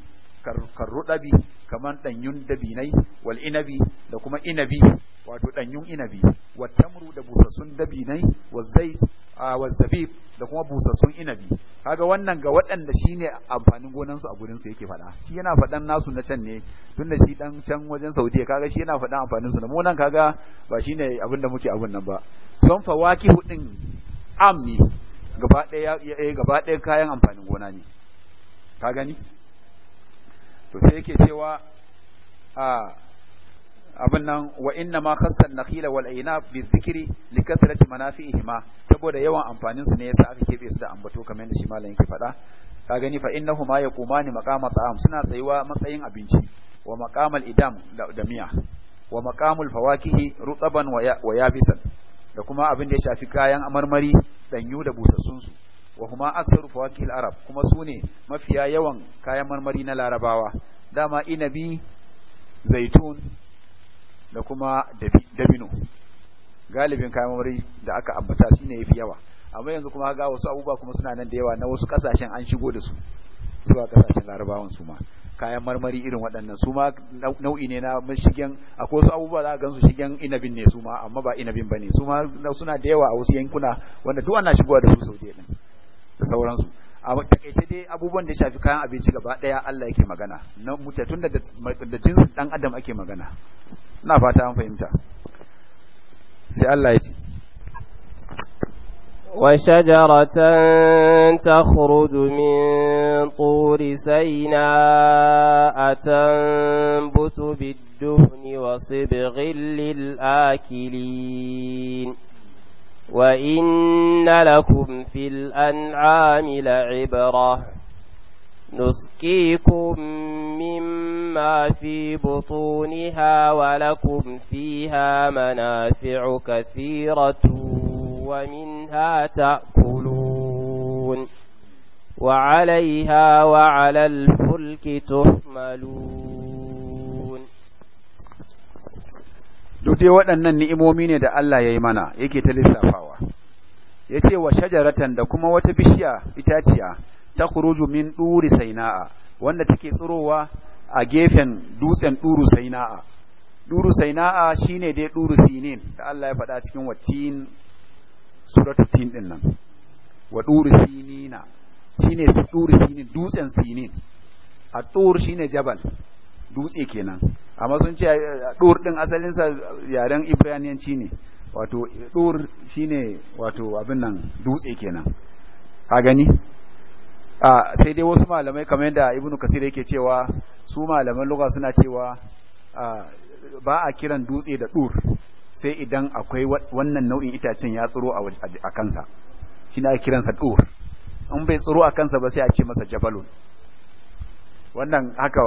karrudabi kamar danyun dabinai wal inabi da kuma inabi wato danyun inabi wa tamru da busassun dabinai wa zait wa zabib da kuma busassun inabi kaga wannan ga waɗanda shi ne amfanin gonansu a gurin su yake faɗa shi yana faɗan nasu na can ne tun da shi dan can wajen Saudiya kaga shi yana faɗan amfanin su na mu nan kaga ba shi ne abin da muke abin nan ba son fawaki hudin am ne gaba ɗaya eh, gaba ɗaya kayan amfanin gona ne ka gani to sai yake cewa a abin nan wa inna ma khassa nakhila wal aynab bi dhikri li kathrati manafi'ihima saboda yawan amfanin su ne yasa aka kebe su da ambato kamar da shi malamin yake faɗa ka gani fa innahu ma yaqumani maqama ta'am suna tsayuwa matsayin abinci wa maqamal idam da miya wa maqamul fawakihi rutaban wa yabisan da kuma abin da ya shafi kayan marmari danyu da busassun su wa kuma aksaru fawakil arab kuma sune mafiya yawan kayan marmari na larabawa dama inabi zaitun da kuma dabino galibin kayan marmari da aka ambata shi ne fi yawa amma yanzu kuma ga wasu abubuwa kuma suna nan da yawa na wasu kasashen an shigo da su zuwa kasashen larabawan su ma kayan marmari irin waɗannan su ma nau'i ne na shigen akwai wasu abubuwa za a gansu shigen inabin ne su ma amma ba inabin ba ne su ma suna da yawa a wasu yankuna wanda duk ana shigowa da su sau da ɗin da sauransu a takaice dai abubuwan da shafi kayan abinci gaba ɗaya Allah yake magana na mutatun da jinsin ɗan adam ake magana ina fata an fahimta sai Allah وشجرة تخرج من طور سيناء تنبت بالدهن وصبغ للآكلين وإن لكم في الأنعام لعبرة نسقيكم مما في بطونها ولكم فيها منافع كثيرة ومنها تأكلون وعليها وعلى الفلك تحملون dai waɗannan ni'imomi ne da Allah ya yi mana yake ta lissafawa ya ce wa shajaratan da kuma wata bishiya itaciya Takuruju min duri sainaa wanda take tsirowa a gefen dutsen duru sainaa duru sainaa shine dai duru sinin da Allah ya faɗa cikin wattin suratul tin din nan wa duru sinina shine duru sinin dutsen sinin a tur shine jabal dutse kenan amma sun ce eh, dur din asalinsa yaren ibraniyanci ne wato dur shine wato abin nan dutse kenan ka gani sai dai wasu malamai kamar yadda ibn kasir yake cewa su malaman lugha suna cewa ba a kiran dutse da dur sai idan akwai wannan nau'in itacen ya tsiro a kansa shi na kiransa dur in bai tsiro a kansa ba sai a ce masa jabalun wannan haka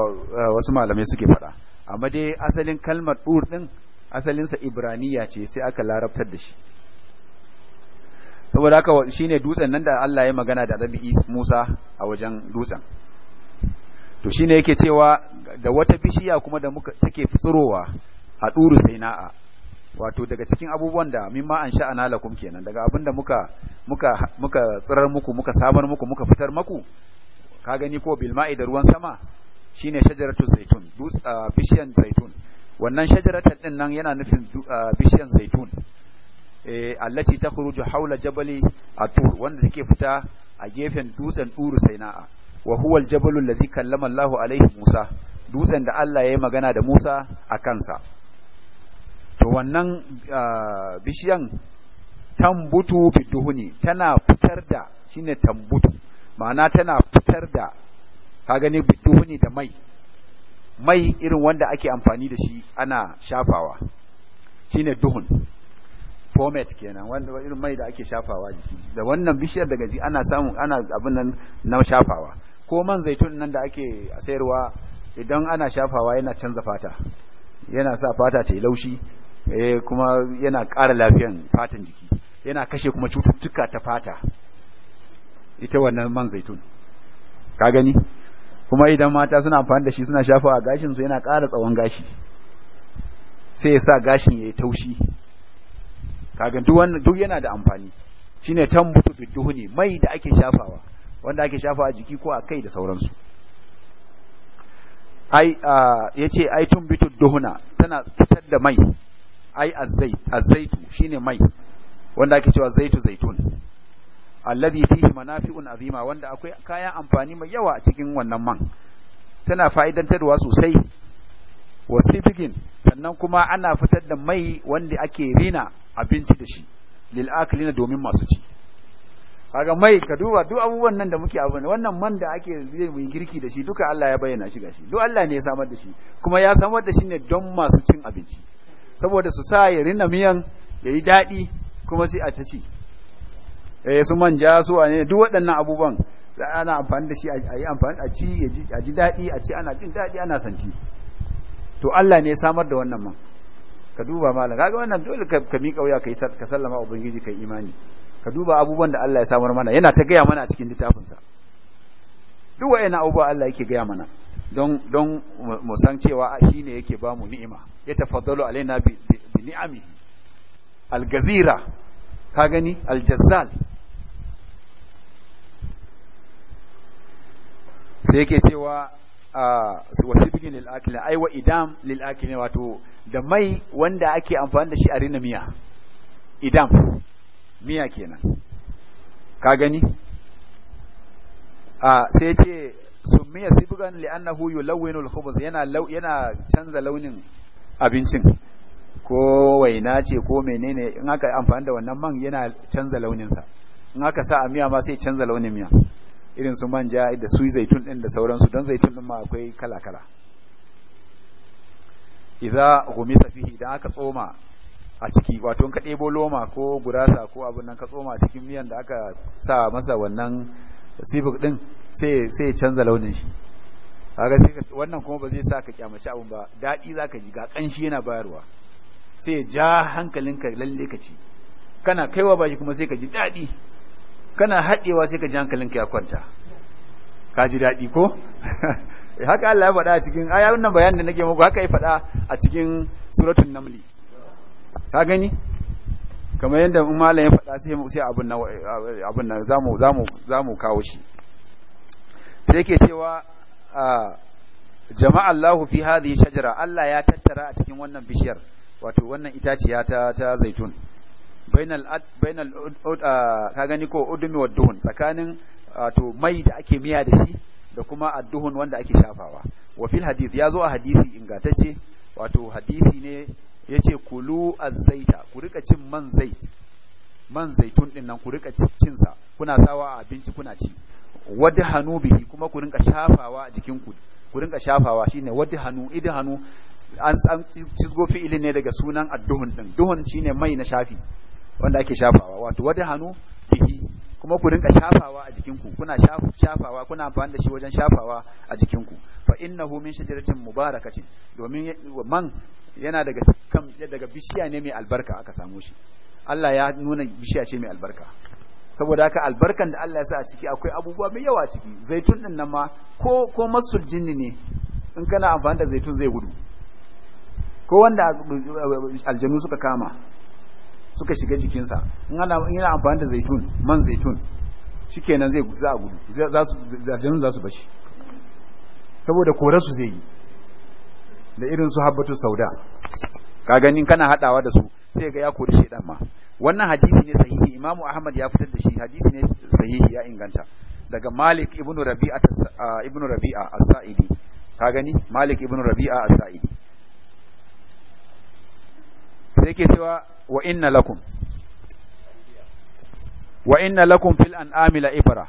wasu malamai suke faɗa amma dai asalin kalmar dur din asalinsa ibraniya ce sai aka larabtar da shi saboda haka shine dutsen nan da Allah ya magana da Annabi Musa a wajen dutsen to shine yake cewa da wata bishiya kuma da muka take tsirowa a duru sainaa wato daga cikin abubuwan da mimma an sha analakum kenan daga abin da muka muka muka tsirar muku muka samar muku muka fitar muku ka gani ko bilma'i da ruwan sama shine shajaratu zaitun bishiyan zaitun wannan shajaratar din nan yana nufin bishiyan zaitun Eh, allati kuruju haula jabali a atur wanda take fita a gefen dutsen duru sainaa wa huwa aljabalu allazi kallama Allahu alaihi Musa dutsen da Allah ya yi magana da Musa a kansa to wannan ah, bishiyan tambutu fituhuni tana fitar da shine tambutu ma'ana tana fitar da ka gani fituhuni da mai mai irin wanda ake amfani da shi ana shafawa shine duhun pomade kenan wanda irin mai da ake shafawa jiki da wannan bishiyar daga gaji ana samu ana abin nan na shafawa ko man zaitun nan da ake sayarwa idan ana shafawa yana canza fata yana sa fata ta yi laushi eh kuma yana ƙara lafiyan fatan jiki yana kashe kuma cututtuka ta fata ita wannan man zaitun ka gani kuma idan mata suna amfani da shi suna shafawa gashin su yana ƙara tsawon gashi sai ya sa gashin ya yi taushi kaga duk wannan duk yana da amfani shine tambutu fi duhuni mai da ake shafawa wanda ake shafawa a jiki ko a kai da sauransu ai yace ai tumbitu duhuna tana fitar da mai ai azzait azzaitu shine mai wanda ake cewa zaitu zaitun alladhi fihi manafi'un azima wanda akwai kayan amfani mai yawa a cikin wannan man tana fa'idantarwa sosai wasifigin sannan kuma ana fitar da mai wanda ake rina abinci da shi lil na domin masu ci kaga mai ka duba duk abubuwan nan da muke abu wannan man da ake yi girki da shi duka Allah ya bayyana shi gashi duk Allah ne ya samar da shi kuma ya samar da shi ne don masu cin abinci saboda su sa ya rina miyan ya yi daɗi kuma sai a ta ci eh su manja su wane ne duk waɗannan abubuwan da ana amfani da shi a yi amfani a ci a ji daɗi a ci ana jin daɗi ana santi to Allah ne ya samar da wannan man ka duba malam kaga wannan dole ka miƙa wuya kai ka sallama ubangiji kai imani ka duba abubuwan da Allah ya samar mana yana ta gaya mana a cikin sa duk wa'ina abubuwa Allah yake gaya mana don don mu san cewa shi ne yake ba mu ni'ima ya tafaddalu alaina bi ni'ami al-gazira ka gani al-jazzal sai yake cewa wasibin lil'akilin ai aiwa idam lil'akilin wato da mai wanda ake amfani da shi a rina miya idam miya kenan ka gani a sai ce summiya sibgan li'annahu yulawwinu al-khubz yana yana canza launin abincin ko waina ce ko menene in aka amfani da wannan man yana canza launinsa in aka sa a miya ma sai canza launin miya irin su manja da su zaitun din da sauransu don zaitun din ma akwai kala-kala Iza gumi safihi idan aka tsoma a ciki wato ka ɗebo loma ko gurasa ko abin nan ka tsoma cikin miyan da aka sa masa wannan sifik din sai ya canza launin shi ga sai wannan kuma ba zai sa ka kyamaci abin ba daɗi za ka ji ga ƙanshi yana bayarwa sai ya ja hankalinka lalle ka ci kana kaiwa baki kuma sai ka ji daɗi kana haɗewa sai ka ji hankalinka ya kwanta ka ji daɗi ko haka Allah ya faɗa a cikin aya nan bayanin da nake muku haka ya faɗa a cikin suratul namli ka gani kamar yadda malam ya faɗa sai sai abun nan abun nan zamu zamu zamu kawo shi sai yake cewa jama'a Allahu fi hadhihi shajara Allah ya tattara a cikin wannan bishiyar wato wannan itaciya ta ta zaitun bainal ad bainal ah, ka gani ko udumi wa duhun tsakanin wato ah, mai da ake miya da shi da kuma adduhun wanda ake shafawa wa fil hadith ya zo a hadisi ingantacce wato hadisi ne yace kulu azzaita ku rika cin man zait man zaitun din nan ku rika cin sa kuna sawa a abinci kuna ci hanu bihi kuma ku rinka shafawa a jikin ku ku rinka shafawa shine wadhanu idhanu an san cizgo fi'ilin ne daga sunan adduhun din duhun shine mai na shafi wanda ake shafawa wato wata hannu fihi kuma ku rinka shafawa a jikinku kuna shafawa kuna amfani da shi wajen shafawa a jikinku fa innahu min shajaratin mubarakatin domin man yana daga kan daga bishiya ne mai albarka aka samu shi Allah ya nuna bishiya ce mai albarka saboda haka albarkan da Allah ya sa a ciki akwai abubuwa mai yawa ciki zaitun din nan ma ko ko masul jinni ne in kana amfani da zaitun zai gudu ko wanda eh, eh, aljanu suka kama suka shiga jikinsa in ana yana amfani da zaitun man zaitun shikenan zai za a gudu za su za su bashi saboda korar su zai yi da irin su habbatu sauda ka ganin kana hadawa da su sai ga ya kori shedan ma wannan hadisi ne sahihi imamu ahmad ya fitar da shi hadisi ne sahihi ya inganta daga malik ibnu rabi'a ibnu rabi'a as-sa'idi ka gani malik ibnu rabi'a as-sa'idi sai ke cewa wa inna lakum wa inna lakum fil an'ami la ibra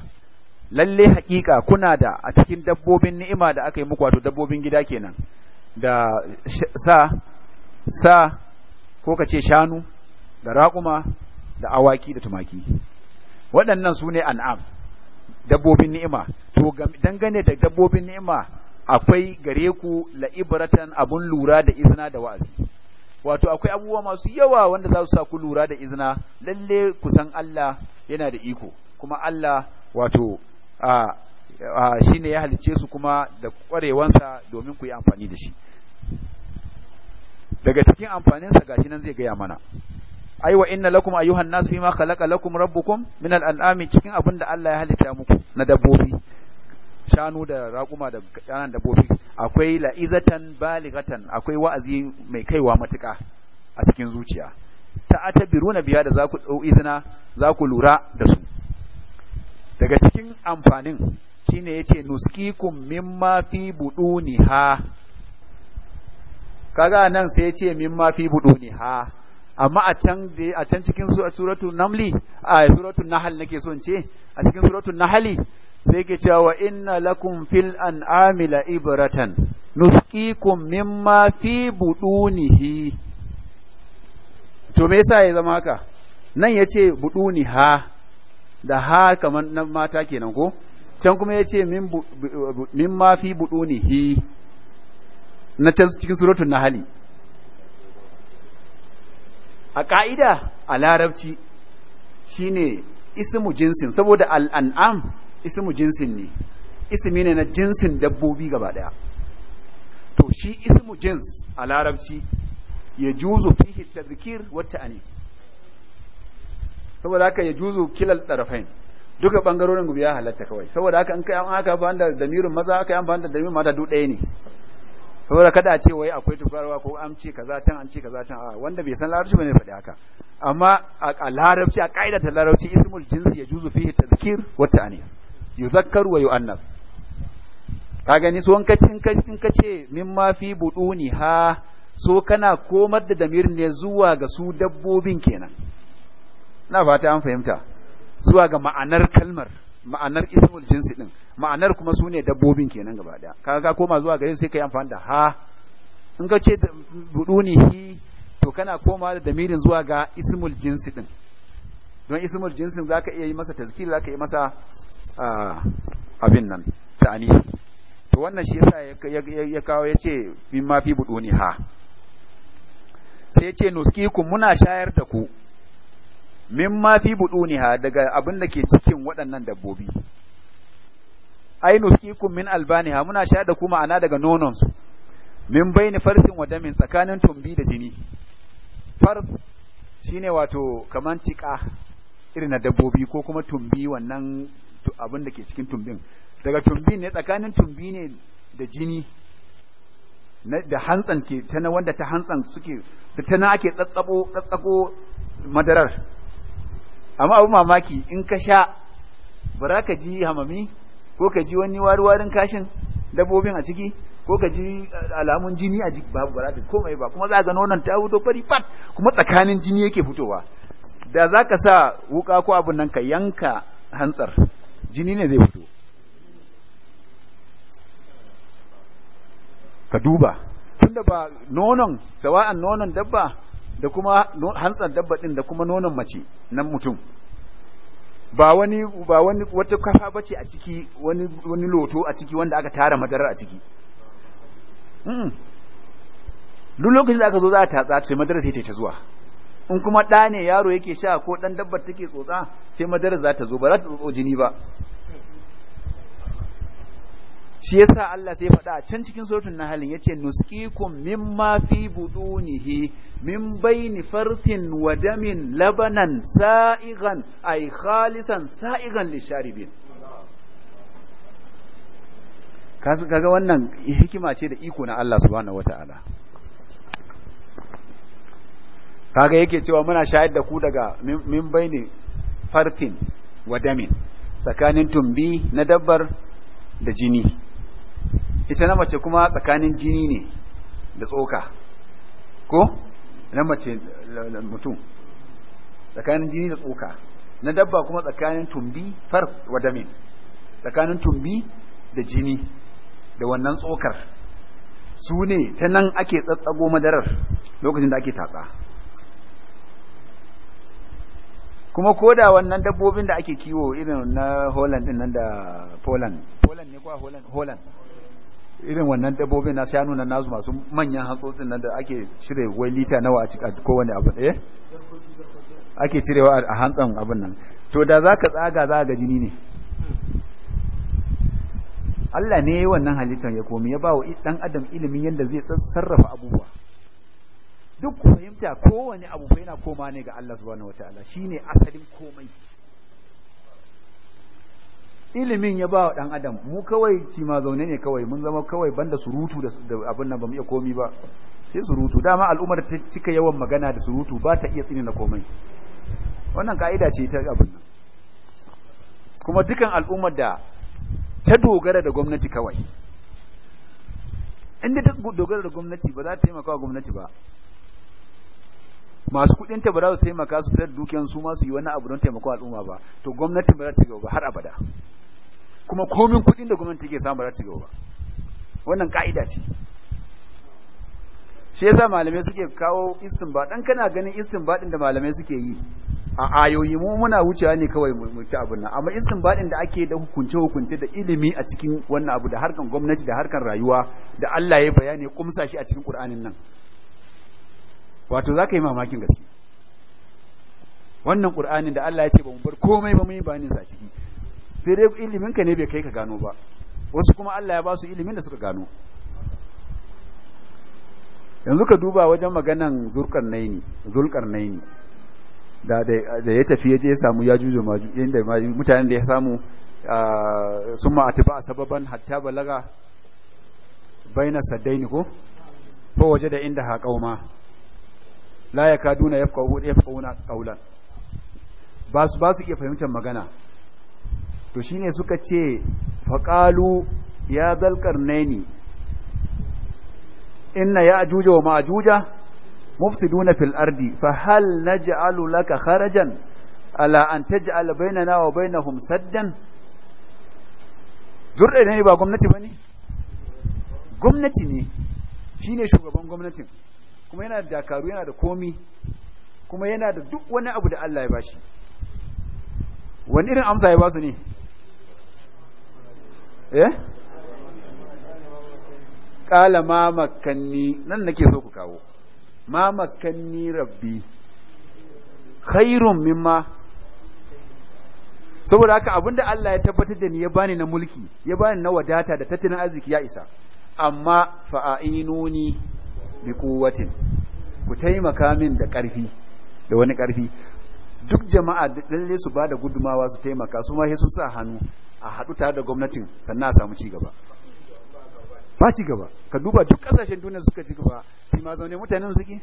lalle hakika kuna da a cikin dabbobin ni'ima da aka yi muku wato dabbobin gida kenan da sa sa ko kace shanu da raƙuma da awaki da tumaki waɗannan su ne an'am dabbobin ni'ima to dangane da dabbobin ni'ima akwai gare ku la'ibratan abun lura da izina da wa'azi wato akwai abubuwa masu yawa wanda za su sa ku lura da izina lalle kusan san Allah yana da iko kuma Allah wato a shine ya halice su kuma da kwarewansa domin ku yi amfani da shi daga cikin amfaninsa gashi nan zai gaya mana ai wa inna lakum ayyuhan nas bima khalaqa lakum rabbukum min al-an'ami cikin abin da Allah ya halitta muku na dabbobi shanu da raƙuma da ƙananan dabbobi akwai la'izatan baligatan akwai wa'azi mai kaiwa matuƙa a cikin zuciya ta na biya da zaku ɗau izina zaku lura da su daga cikin amfanin shine yace nuskikum mimma fi ha kaga nan sai yace mimma fi ha? amma a can a can cikin suratul namli a suratul nahl nake son ce a cikin suratul nahli sai ke cewa inna lakum fil an amila ibratan nusqikum mimma fi budunihi to me yasa ya zama haka nan yace buduni ha da ha kaman na mata kenan ko can kuma yace min mimma fi budunihi na can cikin suratul nahl a ka'ida a larabci shine ismu jinsin saboda al an'am ismu jinsin ne ismi ne na jinsin dabbobi gaba daya to shi ismu jins a larabci ya juzu fihi tadhkir wa ta'ani saboda haka ya juzu kilal tarafain duka bangarorin gubi ya halatta kawai saboda haka in kai an haka ba da damirin maza aka yi amfani da damirin mata duk ɗaya ne saboda kada a ce wai akwai tukarwa ko an ce kaza can an ce kaza can a wanda bai san larabci bane ne faɗi haka amma a larabci a ƙa'idar ta larabci ismul jinsi ya juzu fihi tazkir wa ta'aniyah yuzakkar wa yu'annas ka gani so in ka ce min ma mimma fi buduni ha so kana komar da damir ne zuwa ga su dabbobin kenan na fata an fahimta zuwa ga ma'anar kalmar ma'anar ismul jinsi din ma'anar kuma su ne dabbobin kenan gaba daya ka ga koma zuwa ga sai kai amfani da ha in ka ce buduni hi to kana koma da damirin zuwa ga ismul jinsi din don ismul jinsin zaka iya yi masa tazkir zaka iya masa abin nan ta anisi to wannan shi yasa ya kawo ya ce min ma fi buduni ha sai ya ce nuskikun muna shayar da ku min ma fi buduni ha daga abin da ke cikin waɗannan dabbobi ai nuskikun min albaniha muna shayar da ku ma'ana daga nononsu min baini farsin wa damin tsakanin tumbi da jini fars shine wato kaman tika irin na dabbobi ko kuma tumbi wannan abin da ke cikin tumbin daga tumbin ne tsakanin tumbi ne da jini da hantsan ke ta na wanda ta hantsan suke da ta na ake tsatsabo tsatsako madarar amma abu mamaki in ka sha bara ka ji hamami ko ka ji wani warin kashin dabbobin a ciki ko ka ji eh, alamun jini a jiki babu bara ka komai ba kuma za gano nan ta fito fari fat kuma tsakanin jini yake fitowa da za ka sa wuka ko abin nan ka yanka hantsar jini ne zai fito ka duba tunda ba nonon sawa'an nonon dabba da kuma hantsar dabba din da kuma nonon mace nan mutum ba wani ba wani wata kafa bace a ciki wani wani loto a ciki wanda aka tara madarar a ciki mm duk lokacin da aka zo za ta tatsa sai madarar sai ta zuwa in kuma ɗa ne yaro yake sha ko ɗan dabbar take tsotsa sai madarar za ta zo ba za ta tsotso jini ba shi yasa Allah sai faɗa a can cikin suratul nahl yace nusqikum mimma fi budunihi min baini ni wa damin labanan sa'igan ay khalisan sa'igan lisharibin kaga wannan hikima ce da iko na Allah subhanahu wata'ala kaga yake cewa muna shayar da ku daga min baini ni wa damin tsakanin tumbi na dabbar da jini ita na mace kuma tsakanin jini ne da tsoka ko na mace mutum tsakanin jini da tsoka na dabba kuma tsakanin tumbi far wadamin tsakanin tumbi da jini da wannan tsokar su ne ta nan ake tsatsago madarar lokacin da ake tatsa kuma ko da wannan dabbobin da ake kiwo irin na holland din nan da poland poland ne kuwa holland irin wannan dabbobin na shanu na nasu masu manyan hantsotsin nan da ake cire wai lita nawa a cika kowane abu ɗaya eh? ake cirewa a hantsan abin nan to da za ka tsaga za ga jini ne Allah ne ya yi wannan halittar ya komi ya ba wa ɗan adam ilimin yadda zai sarrafa abubuwa duk fahimta kowane abu yana koma ne ga Allah subhanahu wataala shine asalin komai ilimin ya ba wa ɗan adam mu kawai ci ma zaune ne kawai mun zama kawai banda surutu da abin nan ba mu iya komi ba sai surutu dama al'ummar ta cika yawan magana da surutu ba ta iya tsini na komai wannan ka'ida ce ta abin nan kuma dukan al'ummar da ta dogara da gwamnati kawai inda ta dogara da gwamnati ba za ta taimaka wa gwamnati ba masu kudinta ba za su taimaka su fitar dukiyan su ma su yi wani abu don taimakon al'umma ba to gwamnati ba za ta ci gaba har abada kuma komin kuɗin da gwamnati ke samu za ta gaba wannan ka'ida ce shi yasa malamai suke kawo istinba dan kana ganin istinbadin da malamai suke yi a ayoyi mu muna wucewa ne kawai mu ta abin nan amma istinbadin da ake da hukunce hukunce da ilimi a cikin wannan abu da harkan gwamnati da harkan rayuwa da Allah ya bayani kumsa shi a cikin Qur'anin nan wato zaka yi mamakin gaske wannan Qur'anin da Allah ya ce ba mu bar komai ba mu yi bayanin sa ciki sai dai ilimin ka ne bai kai ka gano ba wasu kuma Allah ya ba su ilimin da suka gano yanzu ka duba wajen maganan zurkar naini da da ya tafi ya je ya samu ma inda mutanen da ya samu sun ma atiba sababan hatta balaga baina saddaini ko ko waje da inda ha qauma la yakaduna yafqahu yafqauna qawlan ba su ba su iya fahimtar magana to shine suka ce faƙalu ya zalkar naini inna ya ajuja wa ma'ajuja mufsiduna fil ardi fa hal naj'alu laka kharajan ala an taj'al bainana wa bainahum saddan zurɗe ne ba gwamnati ba ne gwamnati ne shi ne shugaban gwamnatin kuma yana da dakaru yana da komi kuma yana da duk wani abu da Allah ya bashi wani irin amsa ya basu ne Eh? Ƙala ma makanni nan nake so ku kawo ma makanni rabbi khairun mimma saboda haka abinda Allah ya tabbatar da ni ya bani na mulki ya bani na wadata da tattalin arziki ya isa amma fa'ainuni bi quwwatin ku taimaka min da ƙarfi da wani ƙarfi duk jama'a da lalle su bada gudumawa su taimaka su ma sai sun sa hannu a haɗu tare da gwamnatin sannan a samu cigaba ba cigaba ka duba duk ƙasashen duniya suka ci gaba shi ma zaune mutanen suke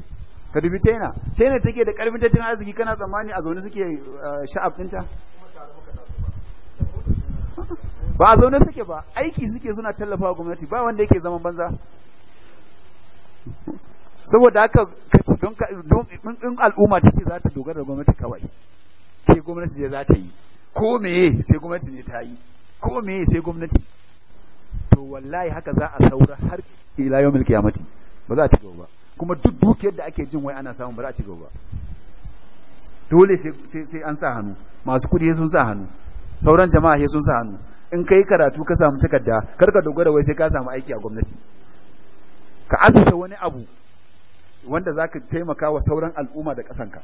ka dubi china china take da ƙarfin tattalin arziki kana tsammani a zaune suke eh, sha'ab ɗinta ba a zaune suke ba aiki suke suna tallafawa gwamnati ba wanda yake zaman banza saboda haka don al'umma ta ce za ta dogara da gwamnati kawai ke gwamnati ce za ta yi ko meye sai gwamnati ne ta yi ko meye sai gwamnati to wallahi haka za a saura har ila yawmil mati, ba za a ci gaba ba kuma duk dukiyar da ake jin wai ana samun ba za a ci gaba ba dole sai an sa hannu masu kudi sun sa hannu sauran jama'a sun sa hannu in kai karatu ka samu takarda kar ka dogara wai sai ka samu aiki a gwamnati ka asusa wani abu wanda ka taimaka wa sauran al'umma da kasanka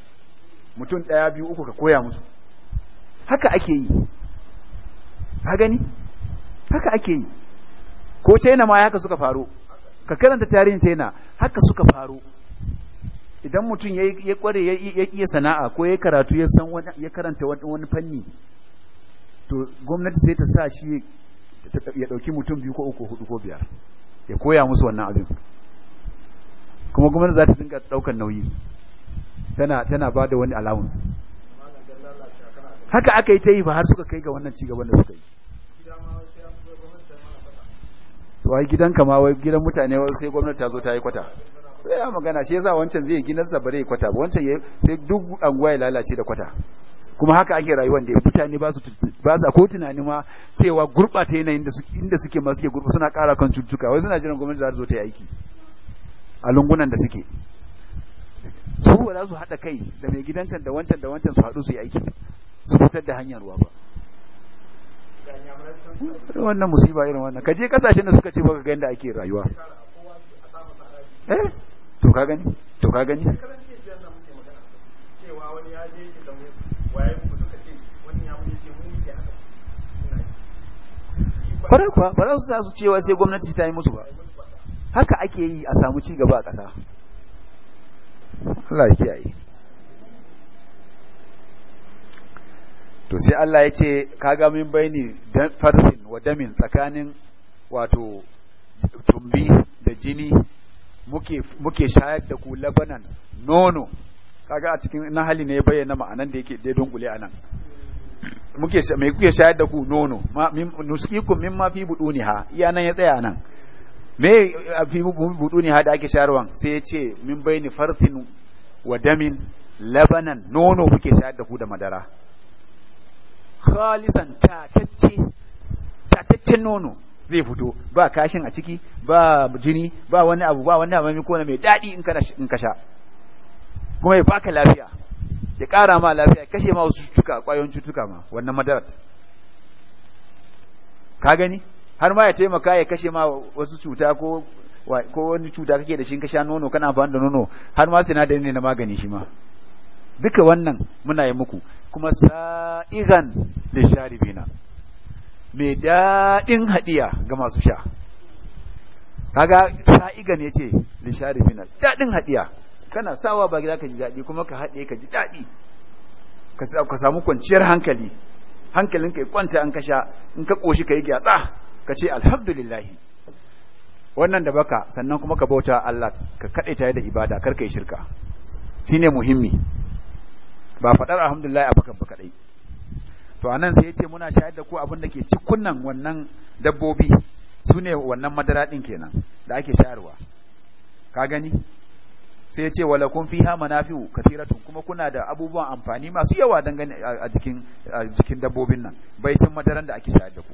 mutum daya biyu uku ka koya musu haka ake yi ha gani haka ake yi ko china ma haka suka faru ka karanta tarihin china haka suka faru idan mutum ya kware ya iya sana'a ko ya karatu ya san ya karanta wani fanni to gwamnati sai ta sa shi ya dauki mutum biyu ko uku hudu ko biyar ya koya musu wannan abin kuma gwamnati za ta dinga daukan nauyi tana tana bada wani allowance haka aka yi ta yi ba har suka kai ga wannan cigaban da suka yi ai gidan kama wai gidan mutane wai sai gwamnati ta zo ta yi kwata Ya magana shi yasa wancan zai gidan sa bare kwata ba wancan sai duk anguwa ya lalace da kwata kuma haka ake rayuwar da mutane ba su ba su ko tunani ma cewa gurbata yanayin da inda suke ma suke gurbata suna ƙara kan cututtuka wai suna jiran gwamnati za ta zo ta yi aiki a lungunan da suke su ba za su haɗa kai da mai gidancan da wancan da wancan su haɗu su yi aiki su fitar da hanyar ruwa ba wannan musiba irin wannan kaje kasashen da suka ce baka ga da ake rayuwa eh to ka gani to ka gani kwarai kuwa ba za su sa su cewa sai gwamnati ta yi musu ba haka ake yi a samu ci gaba a ƙasa Allah ya kiyaye to sai Allah ya ce ka ga min baini farfin wa damin tsakanin wato tumbi da jini muke muke shayar da ku labanan nono kaga a cikin na hali ne ya bayyana ma'anan da yake daidon dunkule anan muke mai kuke shayar da ku nono ma min nuskikum mimma fi buduniha iya nan ya tsaya nan me fi buduniha da ake shayarwan sai ya ce min baini farfin wa damin labanan nono kuke shayar da ku da madara khalisan tatacce tataccen nono zai fito ba kashin a ciki ba jini ba wani abu ba wani abu ko na mai daɗi in kana in ka sha kuma ya baka lafiya ya ƙara ma lafiya kashe ma wasu cutuka kwayoyin cutuka ma wannan madarat ka gani har ma ya taimaka ya kashe ma wasu cuta ko ko wani cuta kake da shi ka sha nono kana amfani da nono har ma sinadari ne na magani shi ma duka wannan muna yi muku kuma sa'igan sharibina mai daɗin haɗiya ga masu sha kaga sa'igan ya ce sharibina daɗin haɗiya kana sawa ba za ka ji daɗi kuma ka haɗe ka ji daɗi ka samu kwanciyar hankali ka yi kwanta an kasha in ka ƙoshi ka yi gyatsa ka ce alhamdulillahi wannan da baka sannan kuma ka bauta Allah ka kaɗe kaɗaita da ibada kar ka yi shirka shi ne muhimmi ba faɗar alhamdulillah a bakan fa kaɗai to anan sai ya muna shayar da ku abin da ke cikunan wannan dabbobi su ne wannan madara ɗin kenan da ake shayarwa ka gani sai ya ce wala kun fiha manafi'u kathiratun kuma kuna da abubuwan amfani masu yawa dangane a jikin dabbobin nan baitin madaran da ake shayar da ku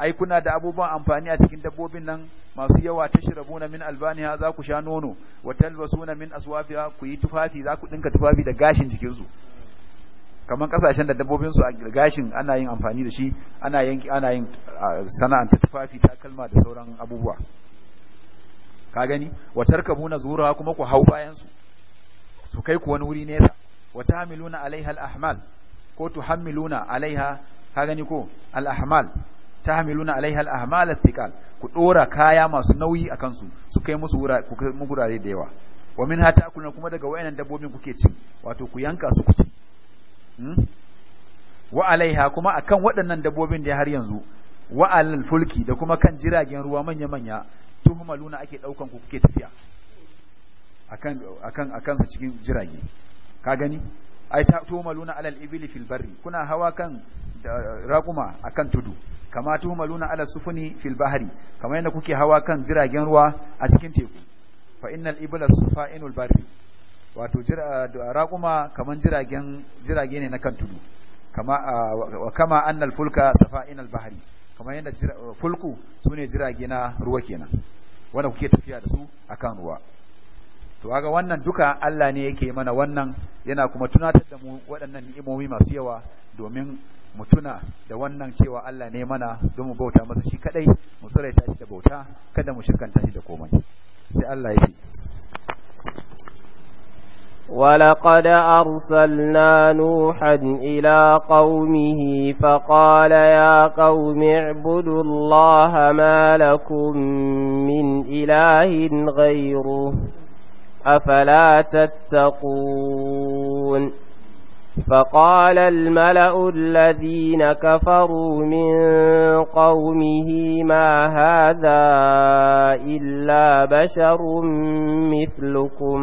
ai kuna da abubuwan amfani a cikin dabbobin nan masu yawa tashrabuna min albaniha za ku sha nono wa talbasuna min aswafiha ku yi tufafi za ku dinka tufafi da gashin jikin su kamar kasashen da dabbobin su a gashin ana yin amfani da shi ana yin ana yin sana'anta tufafi takalma da sauran abubuwa ka gani wa tarkabuna zura kuma ku hau bayan su su kai ku wani wuri nesa wa tahmiluna alaiha al-ahmal ko tuhammiluna alaiha ka gani ko al-ahmal tahmiluna alaiha al-ahmal thiqal ku dora kaya masu nauyi akan su su kai musu wura ku kai gurare da yawa wa minha na kuma daga wayannan dabbobin kuke ci wato ku yanka su ku ci hmm? wa alaiha kuma akan waɗannan dabbobin da har yanzu wa alal fulki da kuma kan jiragen ruwa manya manya tuhmaluna ake daukan ku kuke tafiya akan akan akan su cikin jirage ka gani ai tuhmaluna alal ibili fil barri kuna hawa kan raƙuma akan tudu kama tuhmaluna ala sufuni fil bahri kamar yadda kuke hawa kan jiragen ruwa a cikin teku fa innal ibla sufa'inul barri wato raquma kaman jiragen jirage ne na kan tudu kama wa kama annal fulka sufainul bahri kamar yadda fulku sune jirage na ruwa kenan wanda kuke tafiya da su akan ruwa to kaga wannan duka Allah ne yake mana wannan yana kuma tunatar da mu waɗannan ni'imomi masu yawa domin mu tuna da wannan cewa Allah ne mana don mu bauta masa shi kadai mu tsiraita shi da bauta kada mu shirkanta shi da komai sai Allah ya ce ولقد أرسلنا نوحا إلى قومه فقال يا قوم اعبدوا الله ما لكم من إله غيره أفلا تتقون فقال الملأ الذين كفروا من قومه ما هذا إلا بشر مثلكم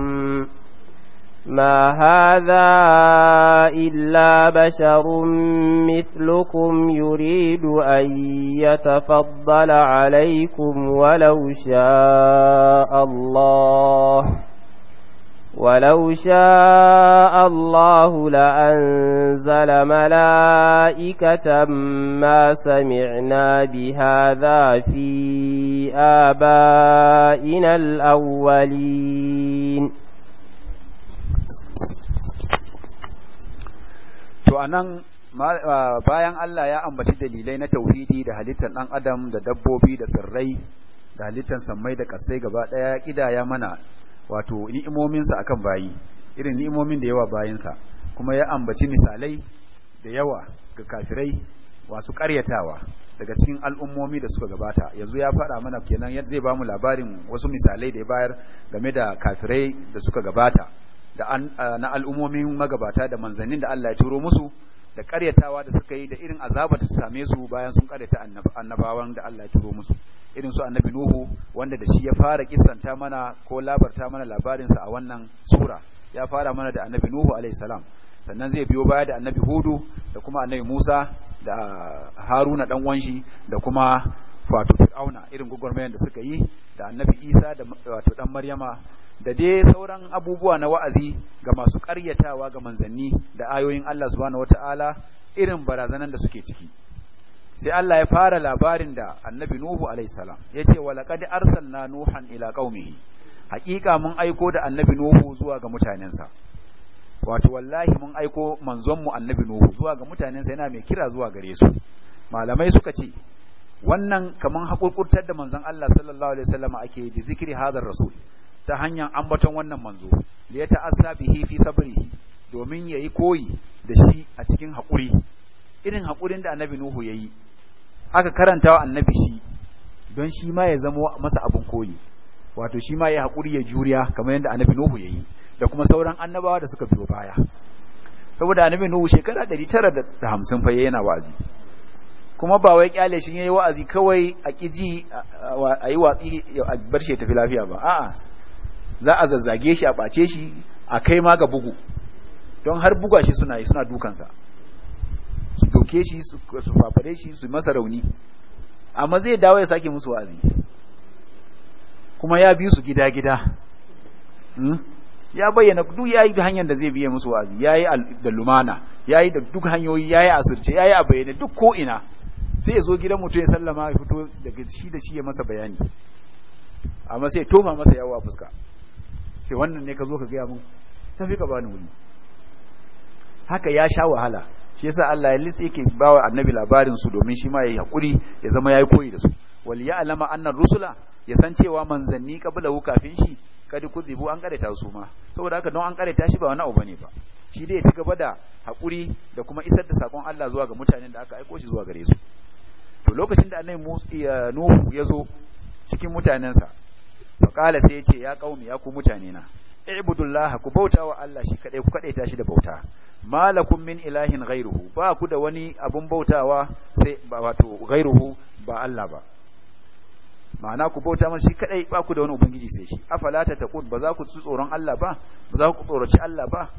ما هذا إلا بشر مثلكم يريد أن يتفضل عليكم ولو شاء الله ولو شاء الله لأنزل ملائكة ما سمعنا بهذا في آبائنا الأولين to anan bayan Allah ya ambaci dalilai na tauhidi da halittar ɗan adam da dabbobi da tsirrai da halittar sammai da ƙasai gaba ɗaya ya ƙidaya mana wato ni'imominsa akan bayi irin ni'imomin da yawa bayinsa kuma ya ambaci misalai da yawa ga kafirai wasu karyatawa daga cikin al'ummomi da suka gabata yanzu ya faɗa mana kenan zai ba mu labarin wasu misalai da ya bayar game da kafirai da suka gabata da na al'ummomin magabata da manzannin da Allah ya turo musu da ƙaryatawa da suka yi da irin azabar da su same su bayan sun karyata annabawan da Allah ya turo musu irin su annabi nuhu wanda da shi ya fara kissanta mana ko labarta mana labarinsa a wannan sura ya fara mana da annabi nuhu alayhi salam sannan zai biyo baya da annabi hudu da kuma annabi musa da haruna dan wanshi da kuma wato fir'auna irin gugurmayan da suka yi da annabi isa da wato dan maryama da dai sauran abubuwa na wa'azi ga masu ƙaryatawa ga manzanni da ayoyin Allah subhanahu wataala irin barazanan da suke ciki sai Allah ya fara labarin da annabi Nuhu alaihi salam ce wa laqad arsalna nuhan ila qaumihi Hakika mun aiko da annabi Nuhu zuwa ga mutanensa wato wallahi mun aiko manzon mu annabi Nuhu zuwa ga mutanensa yana mai kira zuwa gare su malamai suka ce wannan kaman hakurkurtar da manzon Allah sallallahu alaihi wasallam ake da zikiri hadar rasul ta hanyar ambaton wannan manzo da ya ta'assa bihi fi sabrihi domin yayi koyi da shi a cikin haƙuri irin haƙurin da annabi Nuhu yayi aka karanta wa annabi shi don shi ma ya zama masa abin koyi wato shi ma ya haƙuri ya juriya kamar yadda annabi Nuhu ya yi da kuma sauran annabawa da suka biyo baya saboda annabi Nuhu shekara 950 fa yana wa'azi kuma ba wai kyale shi yayi wa'azi kawai a kiji a yi watsi a bar shi tafi lafiya ba a'a za a zazzage shi a bace shi a kai ma ga bugu don har buga shi suna yi suna dukansa soke shi su fafare shi su masa rauni amma zai dawo ya sake musu wa'azi kuma ya bi su gida-gida hmm? ya bayyana duk ya yi hanyar da zai biye musu wa'azi ya yi da lumana ya yi da duk hanyoyi ya yi asirce ya yi a bayyane duk ina sai ya zo gidan mutum ya sallama ya fito daga shi da shi ya masa bayani amma sai toma masa yawa fuska sai wannan ne ka zo ka gaya mun tafi ka bani wuri haka ya sha wahala shi yasa Allah ya litsi yake wa annabi labarin su domin shi ma yi hakuri ya zama ya yi koyi da su wal alama annar rusula ya san cewa manzanni hu kafin shi ku zibu an kareta su ma saboda haka don an ta shi ba wani abu bane ba shi dai ya ci gaba da hakuri da kuma isar da sakon Allah zuwa ga mutanen da aka aiko shi zuwa gare su to lokacin da annabi Nuhu ya zo cikin mutanensa fa kala sai ya ce ya qaumi ya ku mutane na ibudullah ku bauta wa Allah shi kadai ku kadaita shi da bauta malakum min ilahin ghairuhu ba ku da wani abun bautawa sai wato ghairuhu ba Allah ba ma'ana ku bauta masa shi kadai ba ku da wani ubangiji sai shi afala ta taqul ba za ku tsu tsoron Allah ba ba za ku tsoraci Allah ba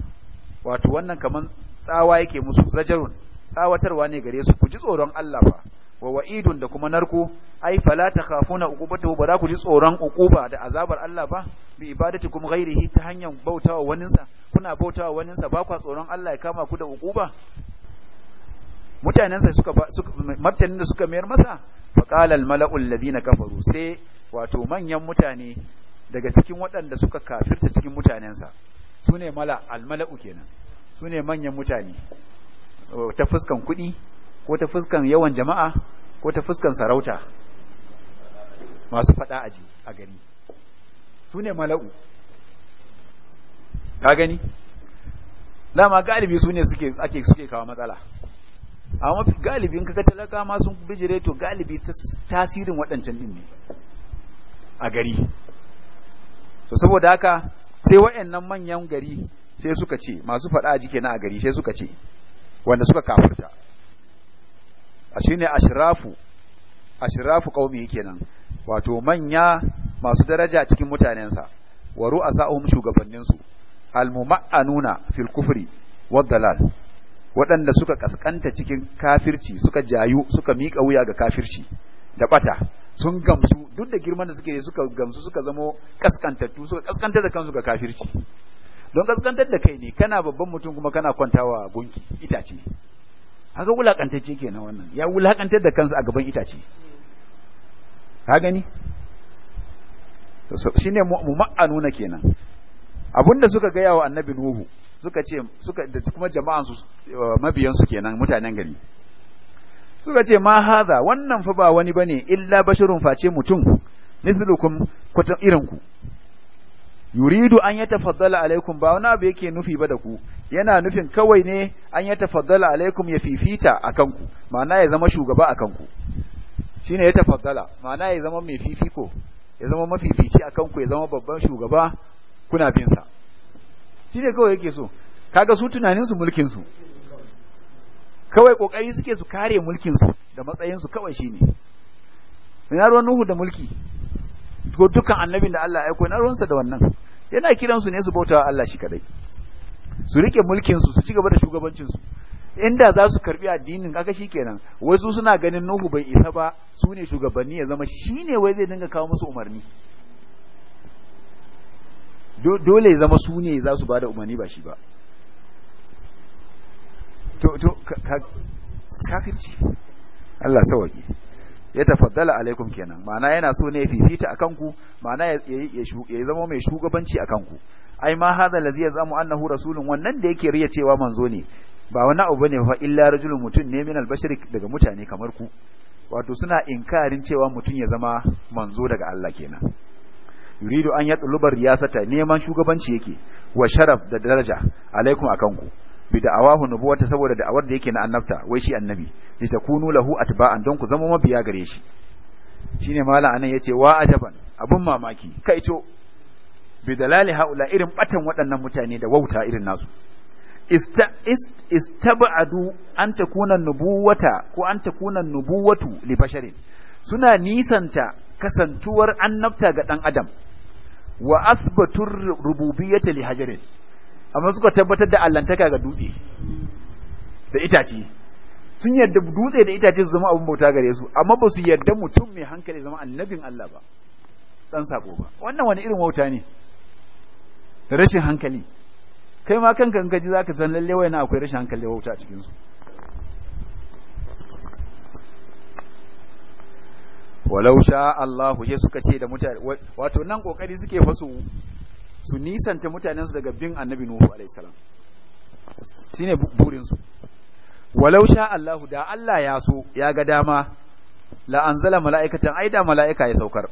wato wannan kaman tsawa yake musu zajarun tsawatarwa ne gare su ku ji tsoron Allah fa wa wa'idun da kuma narko ai fala ta khafuna uqubatu ba za ku ji tsoron uquba da azabar Allah ba bi ibadatikum ghairihi ta hanyar bautawa waninsa kuna bautawa waninsa ba kwa tsoron Allah ya kama ku da ukuba mutanensa suka martanin da suka mayar masa qala al mala'u alladhina kafaru sai wato manyan mutane daga cikin waɗanda suka kafirta cikin mutanensa sune mala al mala'u kenan sune manyan mutane ta fuskan kuɗi ko ta fuskan yawan jama'a ko ta fuskan sarauta masu faɗa aji a gari su ne mala'u ka gani dama galibi su ne suke kawo matsala amma galibi in talaka masu sun bijire to galibi tasirin waɗancan ɗin ne a gari to saboda haka sai waɗannan manyan gari sai suka ce masu faɗa a jike na a gari sai suka ce wanda suka kafurta a ashirafu ashirafu ashrafu yake kenan wato manya masu daraja cikin mutanensa wa ru'asa'uhum shugabanninsu almuma'anuna fil kufri wad dalal waɗanda suka kaskanta cikin kafirci suka jayu suka miƙa wuya ga kafirci da bata sun gamsu duk da girman da suke yi suka gamsu suka zamo kaskantattu suka kaskantar da kansu ga kafirci don kaskantar da kai ne kana babban mutum kuma kana kwantawa gunki itace haka wulakantacce kenan wannan ya wulakantar da kansu a gaban itace ka gani shine mu'ma'anuna kenan abinda suka gaya wa annabi nuhu suka ce suka da kuma jama'an eh, su kenan mutanen gari suka ce ma haza wannan fa ba wani bane illa basharun face mutum mislukum kwatan irin ku yuridu an yatafaddala alaikum ba wani abu yake nufi ba da ku yana nufin kawai ne an yatafaddala alaikum ya fifita akan ku ma'ana ya zama shugaba akan ku shine yatafaddala ma'ana ya zama mai fifiko ya zama mafi mafifici a kanku ya zama babban shugaba kuna binsa shi ne kawai yake so kaga su tunanin su mulkin kawai kokari suke su kare mulkin da matsayin su kawai ne. ina ruwan Nuhu da mulki ko dukkan annabin da Allah ya aiko ina ruwansa da wannan yana kiransu ne su bautawa Allah shi kadai su rike mulkinsu su su ci gaba da shugabancin su inda za su karbi addinin kaga shikenan wai su suna ganin Nuhu bai isa ba su ne shugabanni ya zama shine wai zai dinga kawo musu umarni dole ya zama su ne za su bada umarni ba shi ba to to kafirci Allah sawaki ya tafaddala alaikum kenan ma'ana yana so ne fifita akan ku ma'ana ya zama mai shugabanci akan ku ai ma hadha allazi yazamu annahu rasulun wannan da yake riya cewa manzo ne ba wani abu bane fa illa rajulun mutum ne min albashir daga mutane kamar ku wato suna inkarin cewa mutum ya zama manzo daga Allah kenan yuridu an yatluba riyasata neman shugabanci yake wa sharaf da daraja alaikum akan ku bi da'awahu nubuwata saboda da'awar da yake na annabta wai shi annabi litakunu lahu atba'an don ku zama mabiya gare shi shine malam anan yace wa ajaban abun mamaki kaito bi dalali haula irin batan waɗannan mutane da wauta irin nasu istaba'adu an takuna nubuwata ko an takuna nubuwatu li basharin suna nisanta kasantuwar annabta ga dan adam wa asbatur rububiyyata li hajarin amma suka tabbatar da allantaka ga dutse da itace sun yadda dutse da itace su zama abin bauta gare su amma ba su yadda mutum mai hankali zama annabin Allah ba dan sako ba wannan wani irin wauta ne rashin hankali kai ma kanka in ka ji zaka san lalle wayannan akwai rashin hankali wauta a cikin su walau sha Allahu ya suka ce da mutane wato nan kokari suke fa su su nisanta mutanen su daga bin annabi Nuhu alaihi salam shine burin su walau sha Allahu da Allah ya so ya ga dama la anzala mala'ikatan aida mala'ika ya saukar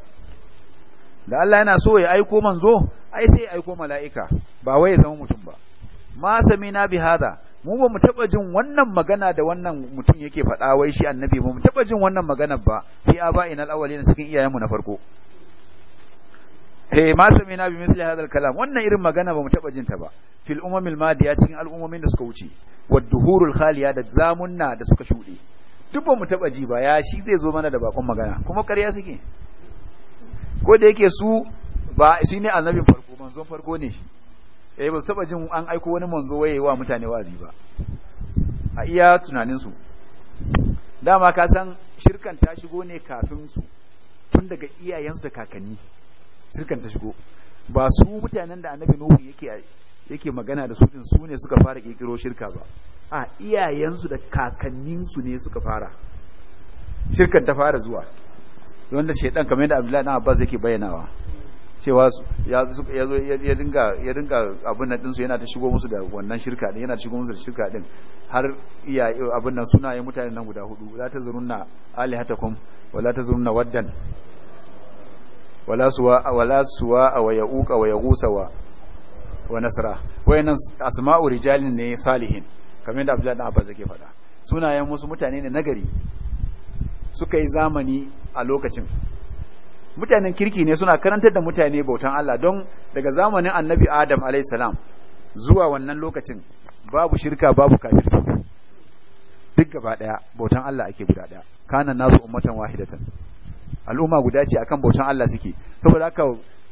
da Allah yana so ya aiko manzo ai sai ya aiko mala'ika ba wai ya zama mutum ba ma samina bi hada mu ba mu taba jin wannan magana da wannan mutum yake faɗa wai shi annabi mu taba jin wannan magana ba fi aba'ina al-awwalin cikin iyayenmu na farko eh ma samina bi misli hada al-kalam wannan irin magana ba mu taba jin ta ba fil umamil madiya cikin al'ummomin da suka wuce wa duhurul khaliya da zamunna da suka shuɗe duk ba mu taba ji ba ya shi zai zo mana da bakon magana kuma ƙarya suke ko da yake su ba shi ne annabin farko manzon farko ne shi eh ba su taba jin an aiko wani manzo waye wa mutane wazi ba a iya tunanin su dama ka san shirkan ta shigo ne kafin su tun daga iyayensu da kakanni shirkan ta shigo ba su mutanen da annabi nuhu yake yake magana da su din su ne suka fara kirkiro shirka ba a iyayensu da kakanninsu ne suka fara shirkan ta fara zuwa wanda shaidan kamar yadda Abdullahi dan Abbas yake bayyanawa cewa ya dinga abin nan dinsu yana ta shigo musu da wannan shirka din yana ta shigo musu da shirka din har iya abin nan sunayen mutanen nan guda hudu la ta zurunna alihatakum wala ta zurunna waddan wala suwa wala suwa waya yauqa wa yagusa wa wa nasra wayannan asma'u rijalin ne salihin kamar yadda Abdullahi dan Abbas yake faɗa sunayen musu mutane ne nagari suka yi zamani a lokacin mutanen kirki ne suna karantar da mutane bautan Allah don daga zamanin annabi Adam a.s. zuwa wannan lokacin babu shirka babu kafirci duk gaba daya bautan Allah ake guda daya kanan nasu ummatan wahidatan al'umma guda ce akan bautan Allah suke saboda haka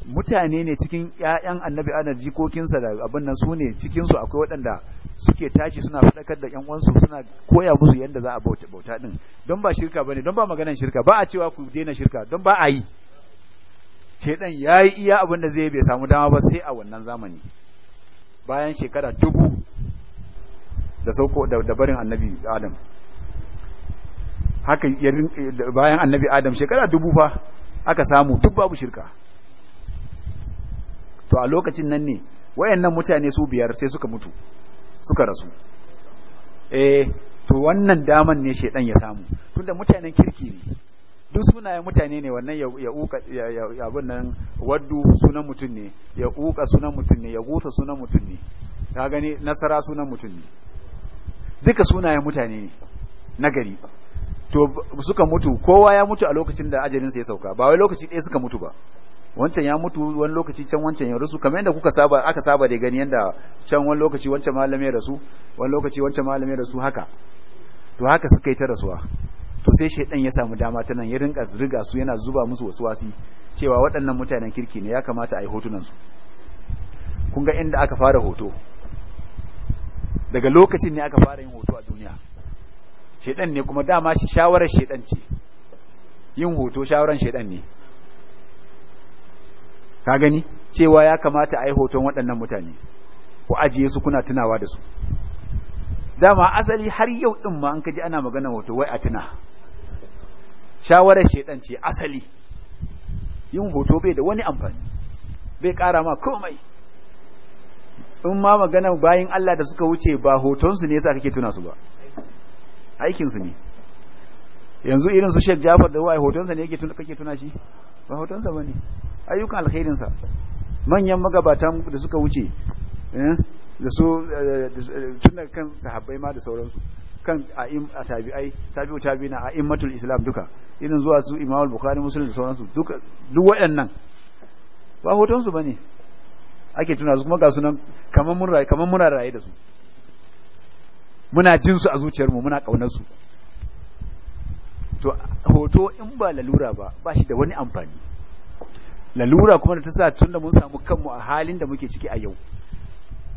mutane ne cikin ƴaƴan annabi Adam jikokinsa da abin nan su ne cikin su akwai waɗanda suke tashi suna faɗakar da ƴan uwansu suna koya musu yadda za a bauta bauta din don ba shirka bane don ba maganan shirka ba a cewa ku daina shirka don ba a yi ya yi iya abin da zai bai samu dama ba sai a wannan zamani bayan shekara dubu da sauko da barin annabi adam haka bayan annabi adam shekara dubu fa aka samu duk babu shirka to a lokacin nan ne wayannan mutane su biyar sai suka mutu suka rasu eh to wannan daman ne shedan ya samu tunda mutanen kirki ne duk sunayen mutane ne wannan ya uka abin nan waddu sunan mutum ne ya uka sunan mutum ne ya gusa sunan mutum ne ka gani nasara sunan mutum ne duka sunayen mutane ne na gari to suka mutu kowa ya mutu a lokacin da ajalinsa ya sauka ba wai lokaci ɗaya suka mutu ba wancan ya mutu wani lokaci can wancan ya rasu kamar yadda kuka saba aka saba da gani yadda can wani lokaci wancan malamin ya rasu wani lokaci wancan malamin ya rasu haka to haka suka yi ta rasuwa sai shaidan ya samu dama ta nan ya rinka riga su yana zuba musu wasu wasi cewa waɗannan mutanen kirki ne ya kamata a yi hotunansu kun ga inda aka fara hoto daga lokacin ne aka fara yin hoto a duniya shaidan ne kuma dama shi shawarar shaidan ce yin hoto shawarar shaidan ne ka gani cewa ya kamata a yi hoton waɗannan mutane ku ajiye su kuna tunawa da su dama asali har yau ɗin ma an kaji ana magana hoto wai a tuna shawarar shaidan ce asali yin hoto bai da wani amfani bai kara ma komai in ma magana bayan Allah da suka wuce ba hotonsu ne yasa kake tuna su ba aikinsu ne yanzu irin su Sheikh Jafar da wai hotonsa ne yake tuna kake tuna shi ba hotonsa bane ayyukan alkhairin sa manyan magabatan da suka wuce eh da su eh, eh, tun kan sahabbai ma da sauransu kan a tabi'ai tabi'u tabi'ina a immatul islam duka irin zuwa su imam al-bukhari da sauransu duka duk waɗannan ba hoton su bane ake tuna su kuma ga sunan kaman muna raye da su muna jin su a zuciyar mu muna kaunar su to hoto in ba lalura ba ba shi da wani amfani lalura kuma da ta sa tunda mun samu kanmu a halin da muke ciki a yau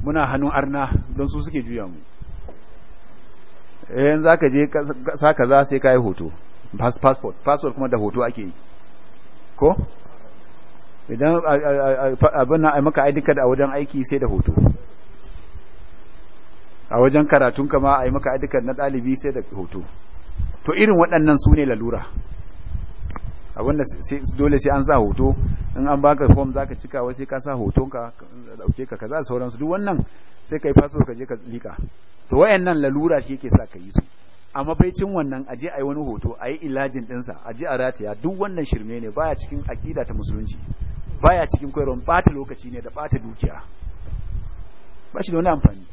muna hannun arna don su suke juya mu in za ka je sa za sai ka yi hoto passport passport kuma da hoto ake yi ko idan abin na maka aidika da a wajen aiki sai da hoto a wajen karatun kama a yi maka aidika na ɗalibi sai da hoto to irin waɗannan su ne lalura abinda dole sai an sa hoto in an baka form zaka cika wai sai ka sa hotonka dauke ka kaza sauransu duk wannan sai kai faso ka je ka lika to nan lalura shi yake sa ka yi su amma bai cin wannan aje yi wani hoto yi ilajin a aje a rataya duk wannan shirme ne baya cikin aƙida ta musulunci baya cikin koyarwar ɓata lokaci ne da ɓata dukiya ba shi da wani amfani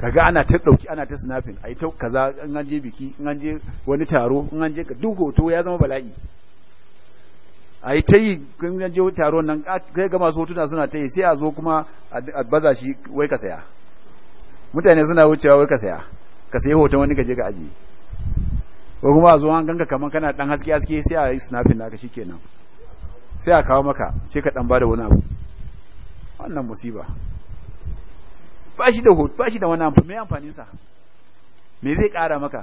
kaga ana ta dauki ana ta snapping ai ta kaza in an je biki in an je wani taro in an je ka duk hoto ya zama bala'i a yi ta yi kun je taron nan kai gama su hotuna suna ta yi sai a zo kuma a baza shi wai ka saya mutane suna wucewa wai ka saya ka sayi hoton wani ka je ka aji. ko kuma a zo an ganka kaman kana dan haske haske sai a yi snapping naka shikenan sai a kawo maka sai ka dan bada wani abu wannan musiba ba shi da hoto ba shi da wani amfani me amfanin sa me zai kara maka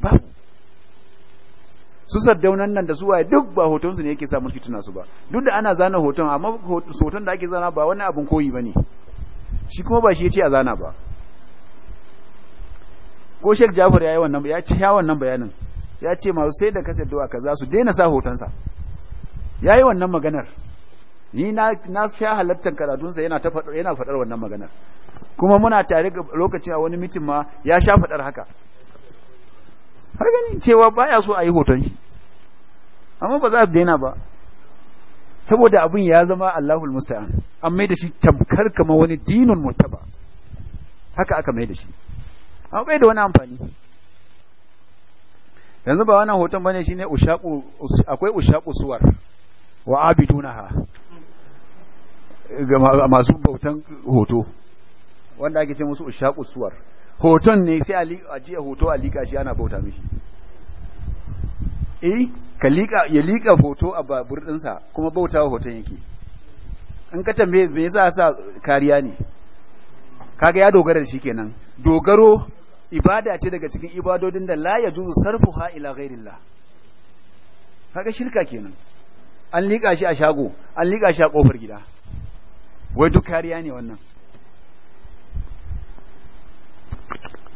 babu su sardaunan nan da suwaye duk ba hotonsu ne yake sa mulki tuna su ba duk da ana zana hoton amma hoton da ake zana ba wani abin koyi ba ne shi kuma ba shi ya ce a zana ba ko shek jafar ya yi wannan ya ce bayanin ya ce masu sai da kasar waka za su daina sa hotonsa ya yi wannan maganar ni na sha halartar karatunsa yana faɗar wannan maganar kuma muna tare lokacin a wani mitin ma ya sha faɗar haka har ganin cewa baya so a yi hoton shi amma ba za su daina ba saboda abin ya zama Allahul musta'an an mai da shi tamkar kama wani dinun mutaba haka aka mai da shi amma bai da wani amfani yanzu ba wannan hoton bane shine ushaqu akwai ushaqu suwar wa abidunaha ga masu bautan hoto wanda ake ce musu ushaqu suwar hoton ne sai a jiya hoto a liƙa shi ana bauta mishi eh ka liƙa ya liƙa hoto a babur ɗinsa kuma bautawa hoton yake in ka tambaye me yasa sa kariya ne kaga ya dogara da shi kenan dogaro ibada ce daga cikin ibadodin da la yajuzu sarfuha ila ghairillah kaga shirka kenan an liƙa shi a shago an liƙa shi a kofar gida wai duk kariya ne wannan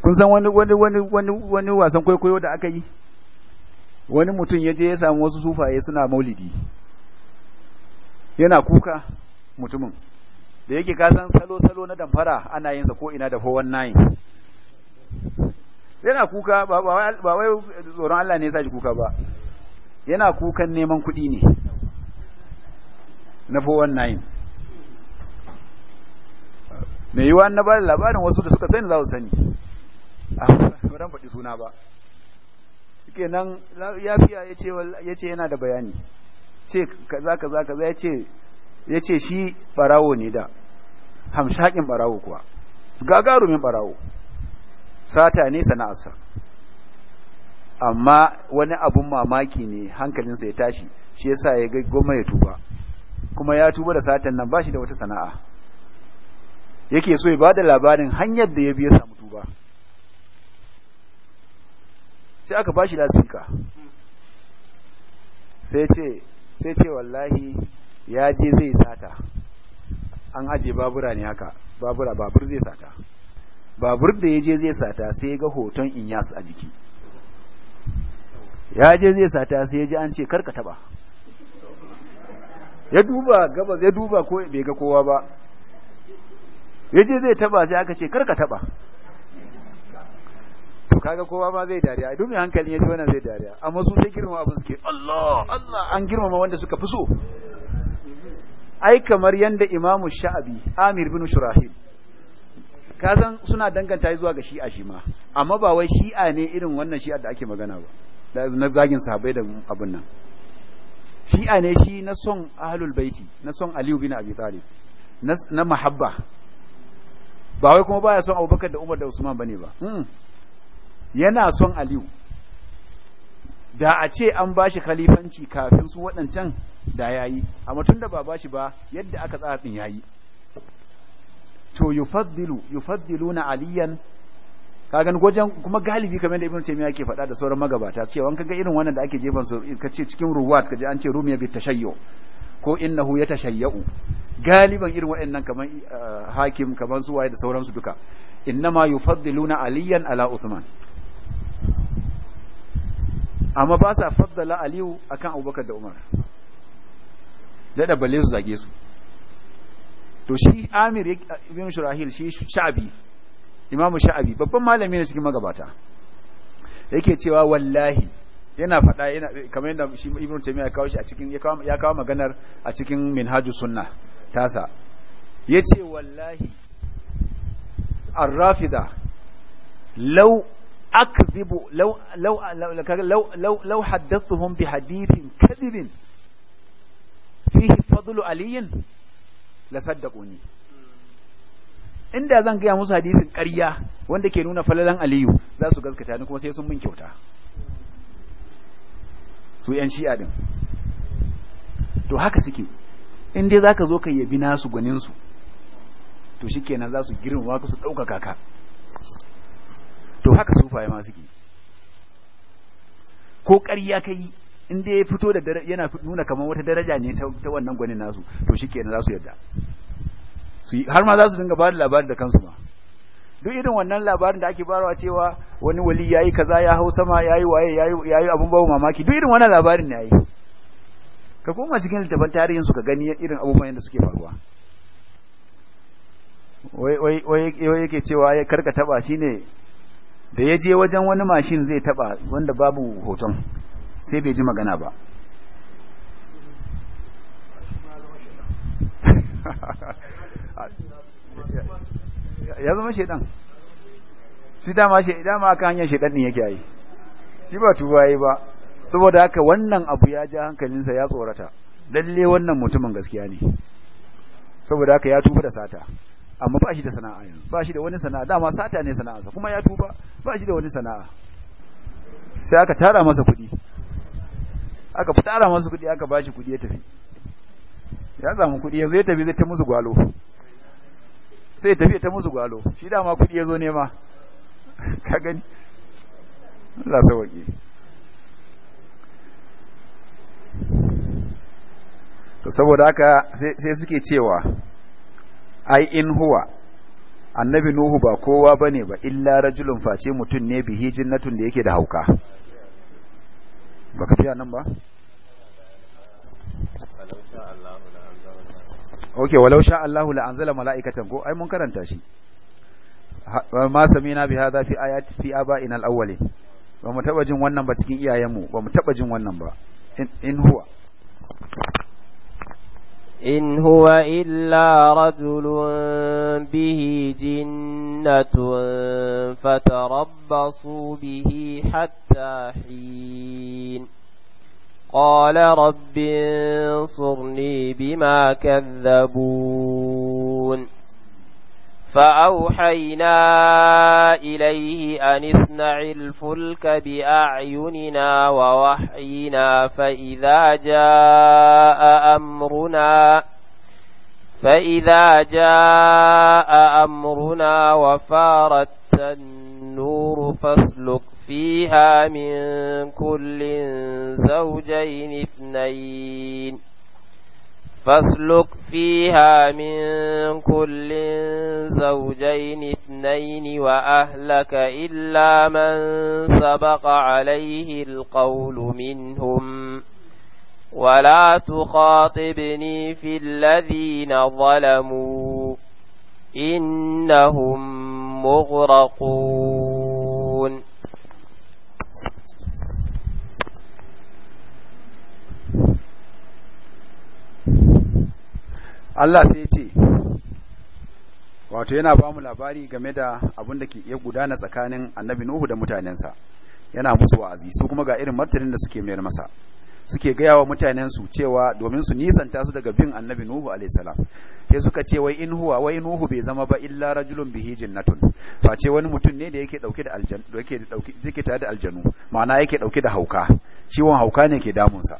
kun san wani wani wani wani wani wasan kwaikwayo da aka yi wani mutum ya je ya samu wasu sufaye suna maulidi yana kuka mutumin da yake san salo-salo na damfara ana yin sa ko ina da 419 yana kuka ba wai tsoron Allah ne ya sashi kuka ba yana kukan neman kuɗi ne na 419 mai yiwuwa na ba labarin wasu da suka sani za su sani a ran faɗi suna ba suke nan ya fiya ya ce yana da bayani ce kaza kaza kaza ya ce ya ce shi barawo ne da hamshakin barawo kuwa gagarumin barawo sata ne sana'arsa amma wani abun mamaki ne hankalinsa ya tashi shi yasa ya ga goma ya tuba kuma ya tuba da satan nan ba shi da wata sana'a yake so ya ba da labarin hanyar da ya biya samu tuba sai aka ba shi lasifika. sai ce sai ce wallahi ya je zai sata an aje babura ne haka babura babur zai sata babur da ya je zai sata sai ga hoton inyas a jiki ya je zai sata sai ya ji an ce karka taba ya duba gabas ya duba ko bai ga kowa ba ya je zai taba sai aka ce karka taba kaga kowa ma zai dariya duk mai hankali ya ji wannan zai dariya amma su sai girma abin suke Allah Allah an girmama wanda suka fi so ai kamar yanda imamu sha'abi amir bin shurahil kazan suna danganta zuwa ga shi'a shi ma amma ba wai shi'a ne irin wannan shi'a da ake magana ba na zagin sahabbai da abin nan shi'a ne shi na son ahlul baiti na son aliyu bin abi talib na mahabba ba wai kuma baya son abubakar da umar da usman bane ba hmm. yana son aliyu da a ce an ba shi khalifanci kafin su waɗancan da ya yi amma tun da ba ba shi ba yadda aka tsara ɗin ya yi to yufaddilu yufaddilu na aliyan kagan wajen kuma galibi kamar da ibn taymiya ke faɗa da sauran magabata cewa ga irin wannan da ake jefan su kace cikin ruwat kaje an ce rumiya bi tashayyu ko innahu tashayya'u galiban irin waɗannan kamar eh, hakim kamar su waye da sauransu duka innama yufaddiluna aliyan ala uthman amma ba sa faddala aliyu akan abubakar da umar daɗa balle su zage su to shi amir ibn shurahil shi sha'abi imamu sha'abi babban malami ne cikin magabata yake cewa wallahi yana faɗa yana kamar yadda shi ibn taymiya ya kawo shi a cikin ya kawo maganar a cikin minhajus sunna tasa yace wallahi ar-rafida law akzibu law law law law law haddathuhum bi hadithin kadhibin fihi fadlu aliyin la inda zan gaya musu hadisin ƙarya wanda ke nuna falalan aliyu za su gaskata ni kuma sai sun min kyauta su yan shi'a din to haka suke in dai zaka zo ka yabi nasu gwanin su to kenan za su girin ka su ɗauka kaka. to haka sufaye ma suke ko kari ya kai in dai ya fito da yana nuna kamar wata daraja ne ta wannan gwanin nasu to shi kenan za su yarda har ma za su dinga ba da labari da kansu ma duk irin wannan labarin da ake barawa cewa wani wali ya yi kaza ya hau sama ya yi waye ya yi abun babu mamaki duk irin wannan labarin ne yi ka koma cikin littafin tarihin su ka gani irin abubuwan da suke faruwa wai yake cewa ya karka taba shine da ya je wajen wani mashin zai taba wanda babu hoton sai bai ji magana ba ya zama shaidan shi dama dama aka hanyar shaidan ɗin yake yi shi ba tuba ba saboda haka wannan abu ya ja hankalinsa ya tsorata lalle wannan mutumin gaskiya ne saboda haka ya tuba da sata amma ba shi da sana'a yanzu ba shi da wani sana'a dama sata ne sana'arsa kuma ya tuba ba shi da wani sana'a sai aka tara masa kuɗi aka tara masa kuɗi aka ba shi kuɗi ya tafi ya samu kuɗi yanzu ya tafi zai ta musu gwalo sai ya tafi ta musu gwalo shi dama kuɗi ya zo nema ka gani za su to saboda haka sai suke cewa ai in huwa annabi nuhu ba kowa bane ba illa rajulun face mutum ne bihi jinnatun da yake da hauka baka fiya nan ba okay walau sha Allahu la anzala mala'ikatan ko ai mun karanta shi ma samina bi hadha fi ayati fi aba'ina al-awwalin ba mu taba jin wannan ba cikin iyayenmu ba mu taba jin wannan ba in huwa إن هو إلا رجل به جنة فتربصوا به حتى حين قال رب انصرني بما كذبون فأوحينا إليه أن اصنع الفلك بأعيننا ووحينا فإذا جاء أمرنا فإذا جاء أمرنا وفارت النور فاسلك فيها من كل زوجين اثنين فاسلك فيها من كل زوجين اثنين وأهلك إلا من سبق عليه القول منهم ولا تخاطبني في الذين ظلموا إنهم مغرقون Allah sai ya ce wato yana ba mu labari game da abin da ke iya gudana tsakanin annabi Nuhu da mutanensa yana musu wa'azi su kuma ga irin martanin da suke mayar masa suke gaya wa mutanensu cewa domin su nisanta su daga bin annabi Nuhu alaihissalam sai suka ce wai in huwa wai Nuhu bai zama ba illa rajulun bihi jinnatun face wani mutum ne da yake dauke da aljanu da yake dauke yake tare da aljanu ma'ana yake dauke da hauka ciwon hauka ne ke damunsa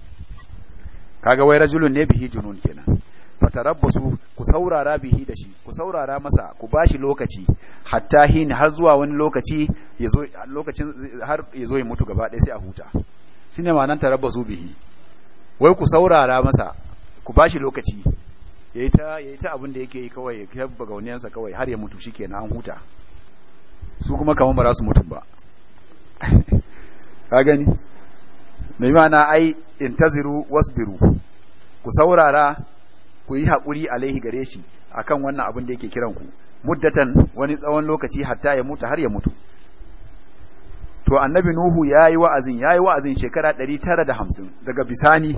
kaga wai rajulun ne bihi kenan fatarabbasu ku saurara bihi da shi ku saurara masa ku bashi lokaci hatta hin har zuwa wani lokaci yazo lokacin har yazo ya mutu gaba ɗaya sai a huta shine ma'anar tarabbasu bihi wai ku saurara masa ku bashi lokaci yayi ta yayi ta abin da yake yi kawai ya tabba gauniyansa kawai har ya mutu shikenan an huta su kuma kaman ba za su mutu ba ka gani mai ma'ana ai intaziru wasbiru ku saurara ku yi haƙuri alaihi gare shi akan wannan abin da yake kiran ku muddatan wani tsawon lokaci hatta ya mutu har ya mutu to annabi nuhu ya yi wa'azin ya yi wa'azin shekara 950 daga bisani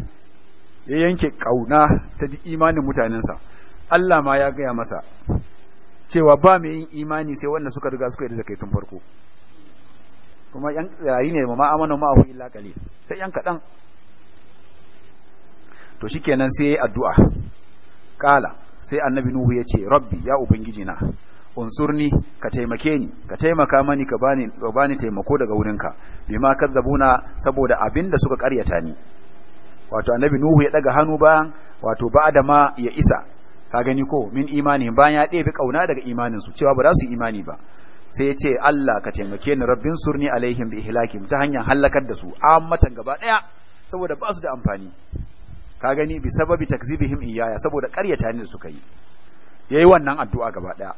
ya yanke kauna ta imanin mutanensa Allah ma ya gaya masa cewa ba mai yin imani sai wanda suka riga suka yi da kai tun farko kuma yan yayi ne ma amana ma ahu illa qalil sai yan kadan to shikenan sai addu'a kala sai annabi nuhu ya ce rabbi ya ubangiji na unsurni ka taimake ni ka taimaka mani ka bani ka bani taimako daga wurinka bima kadzabuna saboda abinda suka karyata ni wato annabi nuhu ya daga hannu bayan wato da ma ya isa ka gani ko min imani bayan ya ɗebe kauna daga imanin su cewa ba za su imani ba sai ya ce Allah ka taimake ni rabbin surni alaihim bi ihlakim ta hanyar halakar da su ammatan gaba daya saboda ba su da amfani ka gani bi sababi takzibihim iyaya saboda ƙaryata ne suka yi yayi wannan addu'a gaba daya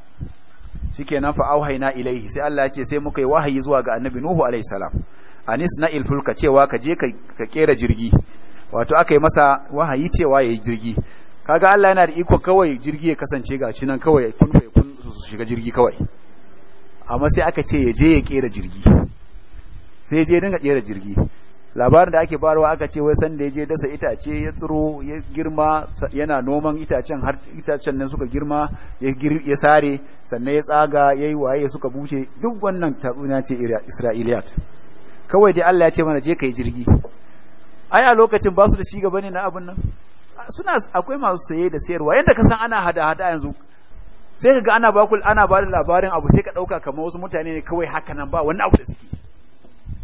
shikenan fa auhayna ilaihi sai Allah ya ce sai muka yi wahayi zuwa ga annabi nuhu alayhi salam anis na ilfulka cewa ka je ka kera jirgi wato aka yi masa wahayi cewa yayi jirgi kaga Allah yana da iko kawai jirgi ya kasance ga shi nan kawai kun fa kun su shiga jirgi kawai amma sai aka ce ya je ya kera jirgi sai je dinga kera jirgi labarin da ake barwa aka ce wai sanda ya je dasa itace ya tsiro ya girma yana noman itacen har itacen nan suka girma ya sare sannan ya tsaga ya yi waye suka bushe duk wannan tatsuniya ce Isra'iliyat kawai dai Allah ya ce mana je ka yi jirgi ai a lokacin ba su da shigaba ne na abin nan suna akwai masu saye da sayarwa yadda ka san ana hada hada yanzu sai ka ga ana ba ana ba da labarin abu sai ka ɗauka kamar wasu mutane ne kawai haka nan ba wani abu da suke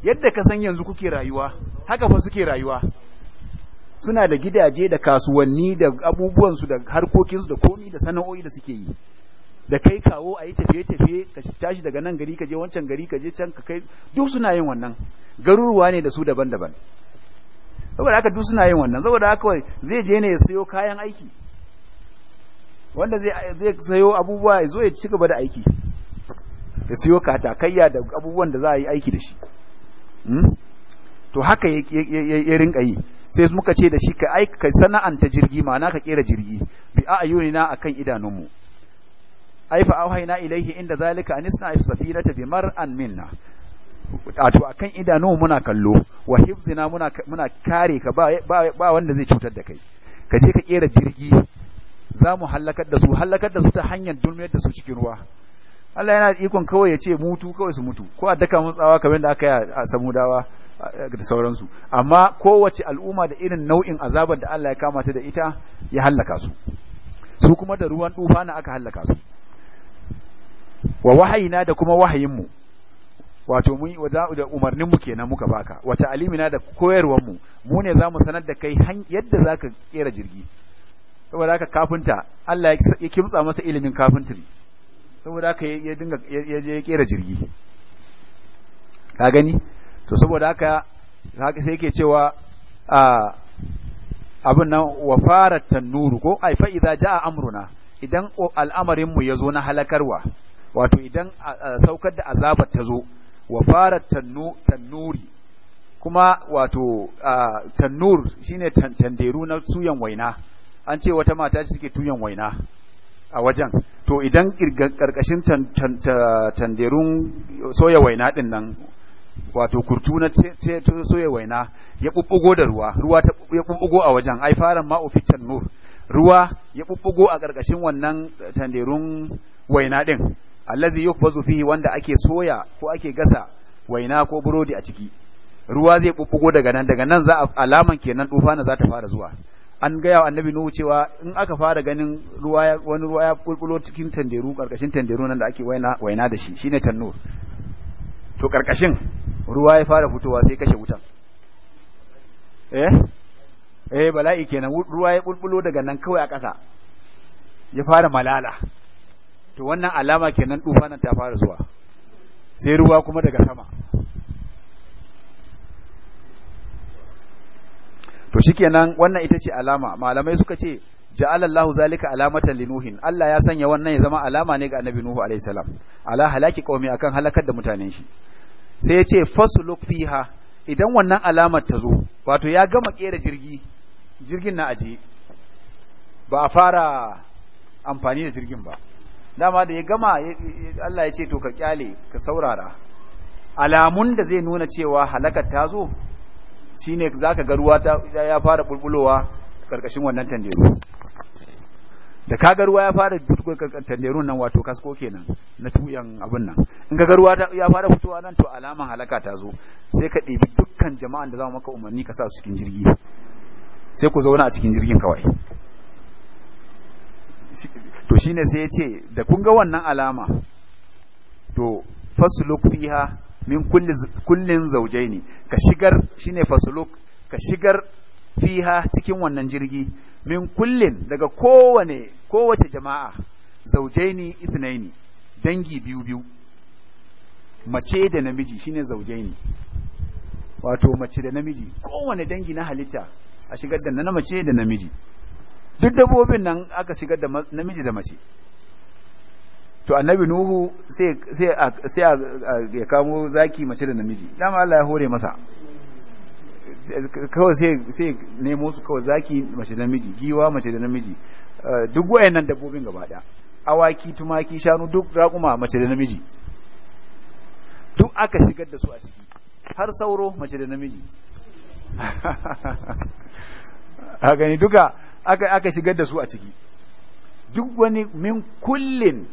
yadda ka san yanzu kuke rayuwa haka fa suke rayuwa suna da gidaje da kasuwanni da abubuwansu da harkokinsu da komi da sana'o'i da suke yi da kai kawo a yi tafiye-tafiye ka tashi daga nan gari ka je wancan gari ka je can ka kai duk suna yin wannan garuruwa ne da su daban-daban saboda haka duk suna yin wannan saboda haka zai je ne ya sayo kayan aiki wanda zai zai sayo abubuwa ya zo ya ci gaba da aiki ya sayo katakayya da abubuwan da za a yi aiki da shi Hmm? to haka ya rinka yi sai muka ce da shi ka aika sana'anta jirgi ma'ana ka kera jirgi bi a'yunina akan idanunmu ai fa auhayna ilaihi inda zalika anisna fi safinata bi mar'an minna wato akan idanunmu muna kallo wa hifzina muna muna kare ka ba ba wanda zai cutar da kai ka je ka kera jirgi za mu hallakar da su hallakar da su ta hanyar dulmiyar da su cikin ruwa Allah yana da ikon kawai ya ce mutu kawai su mutu ko a daka mutsawa kamar da aka yi a samudawa da sauransu amma kowace al'umma da irin nau'in azabar da Allah ya kamata ta da ita ya hallaka su su kuma da ruwan tufa na aka hallaka su wa wahayina da kuma wahayinmu wato mun da umarnin mu kenan muka baka wa ta'alimina da koyarwar mu mu ne zamu sanar da kai yadda zaka kera jirgi saboda haka kafinta Allah ya kimtsa masa ilimin kafintiri saboda haka ya dinga ya kera jirgi ka gani to saboda haka haka sai yake cewa a abin nan wa fara tannuru ko ai fa idza jaa amruna idan al'amarin mu yazo na halakarwa wato idan saukar da azabar ta zo wa fara tannu tannuri kuma wato tannur shine tanderu na tuyan waina an ce wata mata ce suke tuyan waina a wajen to idan karkashin tanderun soya waina din nan wato kurtu na soya waina ya bubbugo da ruwa ruwa ya a wajen ai faran ma nur ruwa ya bubbugo a karkashin wannan tanderun waina din allazi yukbazu fihi wanda ake soya ko ake gasa waina ko burodi a ciki ruwa zai bubbugo daga nan daga nan za alaman kenan dufa na za ta fara zuwa an gaya wa annabi nuhu cewa in aka fara ganin ruwa wani ruwa ya kulkulo cikin tanderu karkashin tanderu nan da ake waina waina da shi shine tannur to karkashin ruwa ya fara fitowa sai kashe wutan eh eh bala'i kenan ruwa ya ƙulƙulo daga nan kawai a ƙasa ya fara malala to wannan alama kenan nan ta fara zuwa sai ruwa kuma daga sama to shikenan wannan ita ce alama malamai suka ce ja'alallahu zalika alamatan linuhin Allah ya sanya wannan ya zama alama ne ga annabi nuhu alaihi salam ala halaki qaumi akan halakar da mutanen shi sai ya ce fasluk fiha idan wannan alamar ta zo wato ya gama kera jirgi jirgin na aje ba a fara amfani da jirgin ba dama da ya gama Allah ya ce to ka kyale ka saurara alamun da zai nuna cewa halakar ta zo shine zaka ga ruwa ta ya fara bulbulowa karkashin wannan tanderu da ga ruwa ya fara tanderun nan wato kasko kenan na tuyan abin nan in ga ruwa ya fara fitowa nan to alaman halaka ta zo sai ka ɗebi dukkan jama'an da za maka umarni ka sa su cikin jirgi sai ku zauna a cikin jirgin kawai to shine sai ya ce da kun ga wannan alama to fasluk fiha min kullin zaujaini ka shigar shi ne fasuluk ka shigar fiha cikin wannan jirgi min kullin daga kowane kowace jama'a zaujaini ithnaini dangi biyu biyu mace da namiji shine zaujaini wato mace da namiji kowane dangi na halitta a shigar da na mace da namiji duk dabbobin nan aka shigar da namiji da mace to annabi nuhu sai sai ya kamo zaki mace da namiji dama Allah ya hore masa kawai sai sai nemo su kawai zaki mace da namiji giwa mace da namiji eh, duk wayannan dabbobin gaba daya awaki tumaki shanu duk raƙuma mace da namiji duk aka shigar da su a ciki har sauro mace da namiji a gani duka aka shigar da su a ciki duk wani min kullin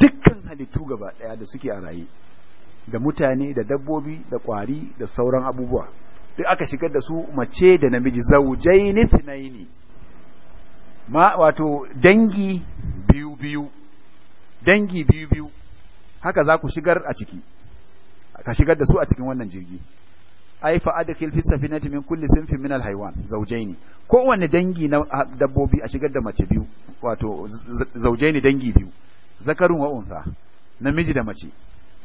dukkan halittu gaba daya da suke a raye da mutane da dabbobi da kwari da sauran abubuwa duk aka shigar da su mace da namiji zaujaini thnaini ma wato dangi biyu biyu dangi biyu biyu haka za ku shigar a ciki ka shigar da su a cikin wannan jirgi ai fa adkhil fi safinati min kulli sinfin min alhaywan zaujaini ko wanne dangi na dabbobi a shigar da mace biyu wato zaujaini dangi biyu zakarun wa unsa namiji da mace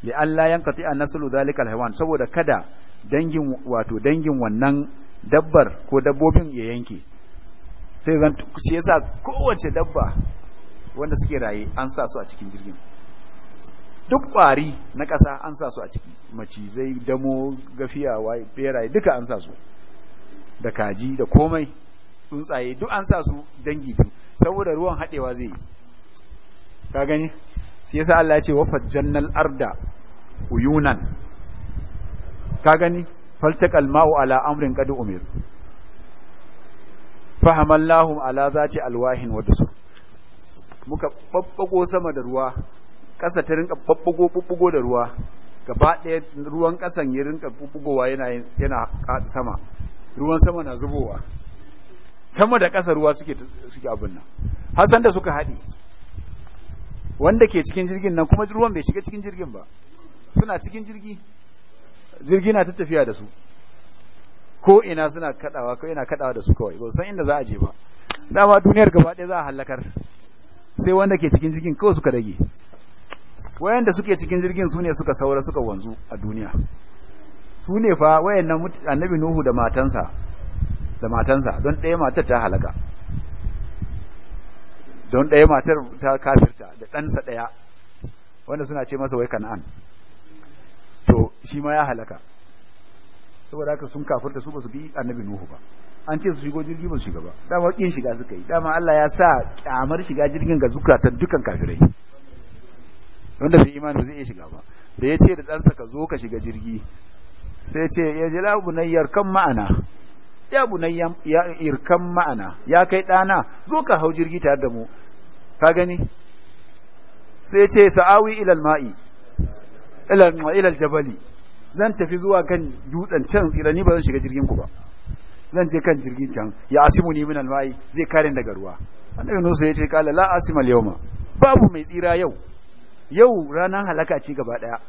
li Allah yankati an naslu zalikal haywan saboda kada dangin wato dangin wannan dabbar ko dabbobin ya yanke sai zan shi yasa kowace dabba wanda suke raye an sa su a cikin jirgin duk kwari na ƙasa an sa su a ciki macizai damo gafiya, gafiyawa beraye duka an sa su da kaji da komai tsuntsaye duk an sa su dangi biyu saboda ruwan haɗewa zai yi ka gani shi yasa Allah ya ce wa fajjanal arda uyunan ka gani faltaqal ma'u ala amrin qad umir Allahu ala zati alwahin wa dusur muka babbago sama da ruwa ƙasa ta rinka babbago bubbugo da ruwa gaba ɗaya ruwan ƙasan ya rinka bubbugowa yana yana sama ruwan sama na zubowa sama da ƙasa ruwa suke suke abin nan har san da suka haɗe wanda ke cikin jirgin nan kuma ruwan bai shiga cikin jirgin ba suna cikin jirgi jirgi na ta tafiya da su ko ina suna kadawa ko ina kadawa da su kawai ba san inda za a je ba dama duniyar gaba ɗaya za a halakar sai wanda ke cikin jirgin kawai suka rage wayanda suke cikin jirgin su ne suka saura suka wanzu a duniya su ne fa wayannan annabi nuhu da matansa da matansa don ɗaya matar ta halaka don ɗaya matar ta kafir ɗansa ɗaya wanda suna ce masa wai kan'an to shi ma ya halaka saboda haka sun kafirta su ba su bi annabi nuhu ba an ce su shigo jirgi ba su shiga ba dama kin shiga suka yi dama Allah ya sa kyamar shiga jirgin ga zukatan dukan kafirai wanda bai imani ba zai iya shiga ba da ya ce da ɗansa ka zo ka shiga jirgi sai ce ya ji la bunayyar kan ma'ana ya bunayya irkan ma'ana ya kai ɗana zo ka hau jirgi tare da mu ka gani sai ce sa'awi ilal ma'i ilal jabali zan tafi zuwa kan dutsen can irani ba zan shiga jirgin ku ba zan je kan jirgin can ya asimu ni minal ma'i zai kare daga ruwa annabi nusa ya ce kala la asimal yawma babu mai tsira yau yau ranar halaka ce gaba daya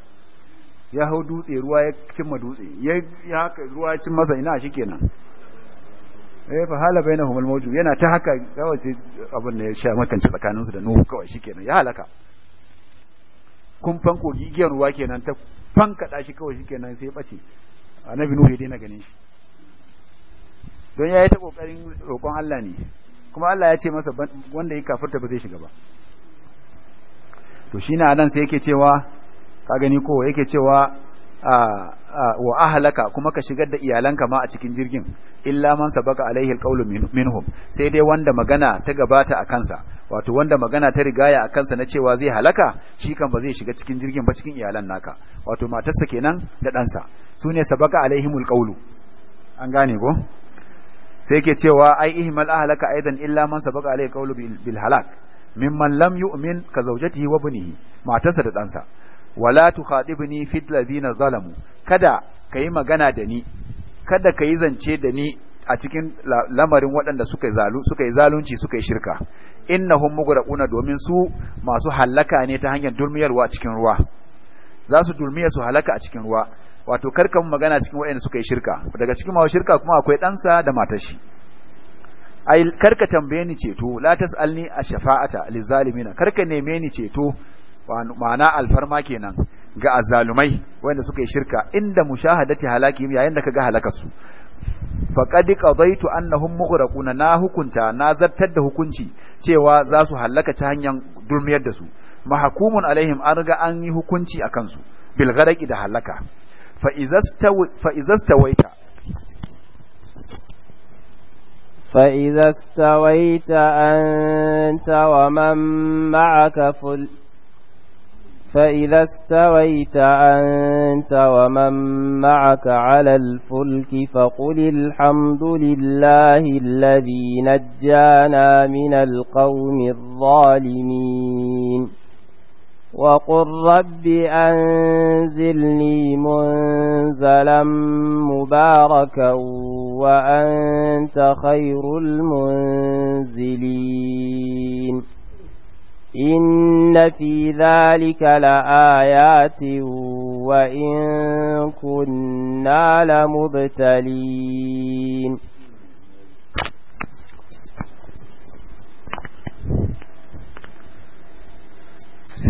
ya hau dutse ruwa ya cimma dutse ya haka ruwa ya cin masa ina shi kenan eh fa hala bainahum al-mawju yana ta haka kawai abin da ya sha makance tsakaninsu da nuhu kawai shikenan ya halaka kumfan kogi giyan ruwa kenan ta fankaɗa shi kawai shi kenan sai bace ɓace annabi nuhu ya daina ganin shi don ya yi ta ƙoƙarin roƙon Allah ne kuma Allah ya ce masa wanda ya kafirta ba zai shiga ba to shi na nan sai yake cewa ka gani ko yake cewa wa ahlaka kuma ka shigar da iyalanka ma a cikin jirgin illa man sabaka alaihi alqawlu minhum sai dai wanda magana ta gabata a kansa wato wanda magana ta rigaya a kansa na cewa zai halaka shi kan ba zai shiga cikin jirgin ba cikin iyalan naka wato matarsa kenan da ɗansa su ne sabaka alaihimul qawlu an gane ko sai ke cewa ai ihmal ahlaka aidan illa man sabaka alaihi qawlu bil halak mimman lam yu'min ka zawjatihi wa bunihi matarsa da ɗansa wala tukhadibni fil ladina zalamu kada kai magana da ni kada kai zance da ni a cikin lamarin waɗanda suka yi zalunci suka yi shirka innahum mughraquna domin su masu halaka ne ta hanyar dulmiyarwa cikin ruwa za su dulmiya su halaka a cikin ruwa wato karkan magana cikin waɗanda suka yi shirka daga cikin mawa shirka kuma akwai ɗansa da matar shi ai karka tambaye ni ceto la tasalni ash-shafa'ata lizalimina karka neme ni ceto ma'ana alfarma kenan ga azzalumai wayanda suka yi shirka inda mushahadati halaki yayin da kaga halakarsu faqad qadaytu annahum mughraquna na hukunta na zartar da hukunci cewa za su hallaka ta hanyar durmiyar da su mahakumun alaihim an riga an yi hukunci a kansu bil da halaka fa izastawaita فإذا استويت أنت ومن معك فل فإذا استويت أنت ومن معك على الفلك فقل الحمد لله الذي نجانا من القوم الظالمين وقل رب أنزلني منزلا مباركا وأنت خير المنزلين إن في ذلك لآيات وإن كنا لمبتلين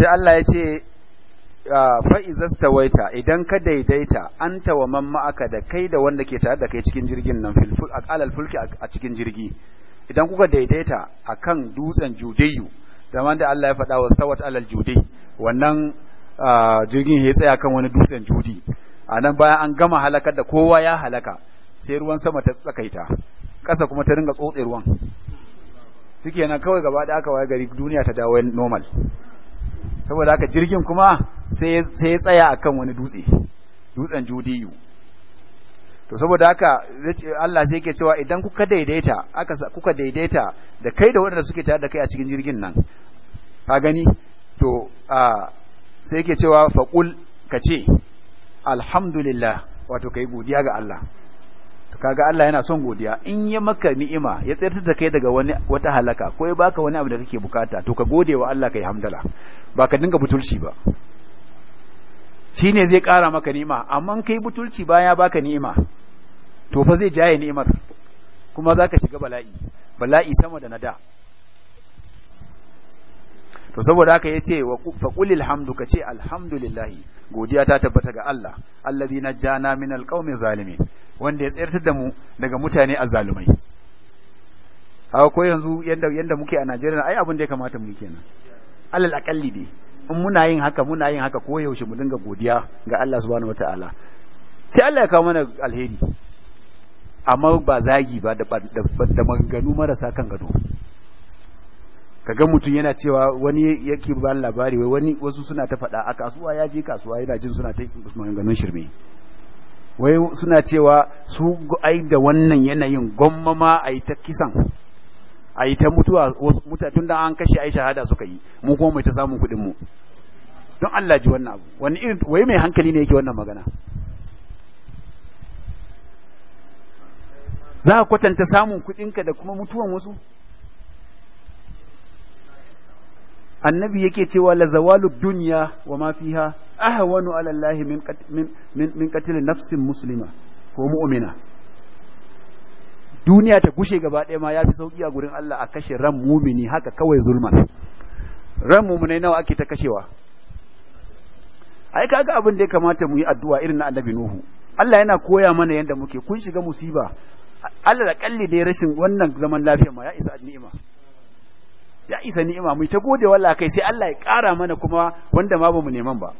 sai Allah ya ce ah, fa'izas idan ka daidaita an tawaman ma'aka da kai da wanda ke tare da kai cikin jirgin nan alal fulki a cikin jirgi idan kuka daidaita akan dutsen judeyu zaman da Allah ya faɗa wa sawat alal judi wannan jirgin ya tsaya kan wani dutsen judi a nan bayan an gama halakar da kowa ya halaka sai ruwan sama ta tsakaita ƙasa kuma ta ringa tsotse ruwan suke nan kawai gaba da aka waye gari duniya ta dawo normal saboda haka jirgin kuma sai ya tsaya a kan wani dutse dutsen judiyu to saboda haka Allah sai ke cewa idan kuka daidaita kuka daidaita da kai da waɗanda suke tare da kai a cikin jirgin nan ka gani to a sai yake cewa faƙul ka kace alhamdulillah wato kai godiya ga Allah kaga Allah yana son godiya in ya maka ni'ima ya tsayar da kai daga wani wata halaka ko ya baka wani abu da kake bukata to ka gode wa Allah kai hamdala ba ka dinga butulci ba Shi ne zai kara maka ni'ima amma kai butulci baya baka ni'ima to fa zai jaye ni'imar kuma zaka shiga bala'i bala'i sama da na da to saboda haka yace wa faqulil hamdu kace alhamdulillahi godiya ta tabbata ga Allah allazi najjana min alqaumi zalimin wanda ya tsayar da mu daga mutane azzalumai haka ko yanzu yanda yanda muke a Najeriya ai abin da ya kamata mu kenan alal aqalli dai in muna yin haka muna yin haka ko yaushe mu dinga godiya ga Allah subhanahu wataala sai Allah ya kawo mana alheri amma ba zagi ba da maganganu marasa kan gado kaga mutum yana cewa wani yake ba labari wai wani wasu suna ta faɗa a kasuwa ya je kasuwa yana jin suna ta maganganun shirme wai suna cewa su ai da wannan yanayin gwamma ma a yi ta kisan a yi ta mutuwa mutatun da an kashe Aisha shahada suka yi mu kuma mai ta samun kuɗin mu don Allah ji wannan abu wani irin wai mai hankali ne yake wannan magana za ka kwatanta samun kuɗinka da kuma mutuwan wasu annabi yake cewa la zawalu dunya wa ma fiha ahwanu ala Allah min min min qatl nafsin muslima ko mu'mina duniya ta gushe gaba ɗaya ma fi sauƙi a gurin Allah a kashe ran mumini haka kawai zulman ran mumini nawa ake ta kashewa ai kaga abin da ya kamata mu yi addu'a irin na annabi Nuhu Allah yana koya mana yadda muke kun shiga musiba Allah da kalli dai rashin wannan zaman lafiya ma ya isa ni'ima ya isa ni'ima mu ta gode wallahi kai sai Allah ya ƙara mana kuma wanda ma ba mu neman ba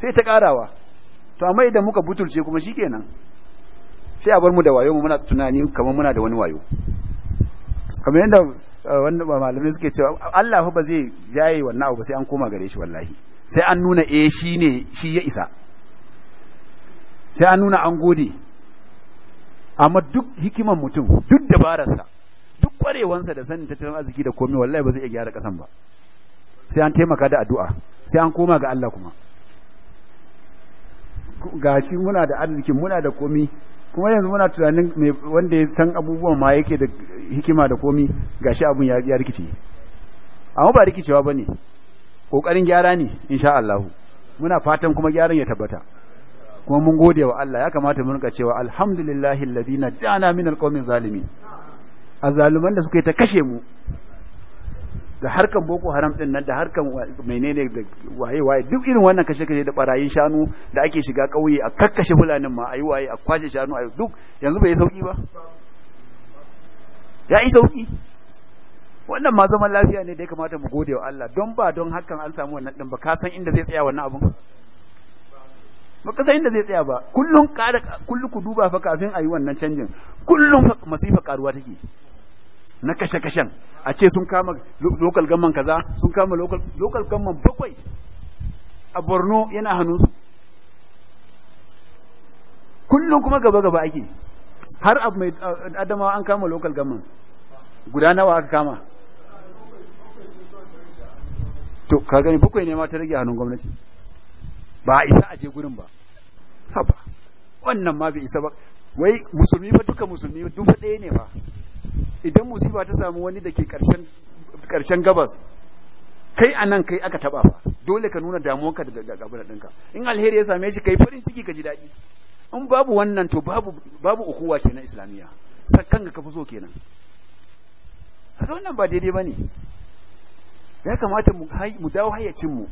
sai ta ƙarawa to amma idan muka butulce kuma shikenan sai a bar mu da wayo mu muna tunani kamar muna da wani wayo kamar yadda eh, wanda ba malamai suke cewa Allah fa ba zai jaye wannan abu ba sai an koma gare shi wallahi sai an nuna eh shine shi ya isa sai an nuna an gode amma duk hikiman mutum duk dabararsa duk kwarewansa da sanin tattalin arziki da komai wallahi ba zai iya gyara kasan ba sai an taimaka da addu'a sai an koma ga Allah kuma gashi muna da arziki muna da komi kuma yanzu muna tunanin wanda ya san abubuwan ma yake da hikima da komi gashi abun ya rikice amma ba rikicewa bane kokarin gyara ne insha Allah muna fatan kuma gyaran ya tabbata kuma mun gode wa Allah ya kamata mun rinka cewa alhamdulillahi alladhi jana min alqawmi zalimi azaluman da suka yi ta kashe mu da harkan boko haram din nan da harkan menene da waye waye duk irin wannan kashe kashe da barayin shanu da ake shiga kauye a kakkashe fulanin ma ayi waye a kwashe shanu ayi duk yanzu bai sauki ba ya yi sauki wannan ma zaman lafiya ne da ya kamata mu gode wa Allah don ba don hakan an samu wannan din ba ka san inda zai tsaya wannan abun ba kasa inda zai tsaya ba kullum kada kullu ku duba fa kafin ayi wannan canjin kullum masifa karuwa take na kashe kashen a ce sun kama local gamman kaza sun kama local local gamman bakwai a Borno yana su kullum kuma gaba gaba ake har abu mai adamawa an kama local gamman guda nawa aka kama to ka gani bakwai ne ma ta rage hannun gwamnati ba a isa a je gurin ba haba wannan ma bai isa ba wai musulmi fa duka musulmi duk daya ɗaya ne fa idan musiba ta samu wani da ke ƙarshen gabas kai a nan kai aka taɓa fa dole ka nuna damuwanka da gabar ɗinka in alheri ya same shi kai farin ciki ka ji daɗi in babu wannan to babu ukuwa ukuwa kenan islamiyya sakkan ka fi so kenan haka wannan ba daidai ba ne ya kamata mu dawo hayyacinmu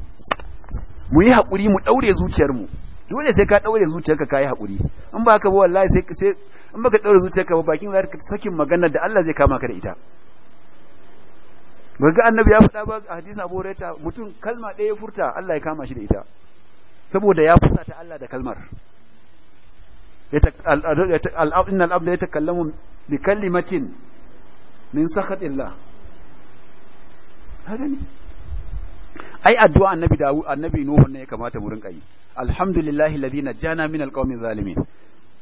mu yi haƙuri mu ɗaure zuciyarmu dole sai ka daure zuciyarka kai hakuri in ba ka ba wallahi sai sai in baka daure zuciyarka ba bakin zaka sakin magana da Allah zai kama ka da ita ga annabi ya faɗa ba a hadisin Abu Hurairah mutum kalma ɗaya ya furta Allah ya kama shi da ita saboda ya fusata Allah da kalmar innal al'abda ya bi kalimatin min sakhatillah haka ne ai addu'a annabi dawu annabi nuhu ne ya kamata mu rinka yi alhamdulillahi alladhi najjana min alqawmi zalimin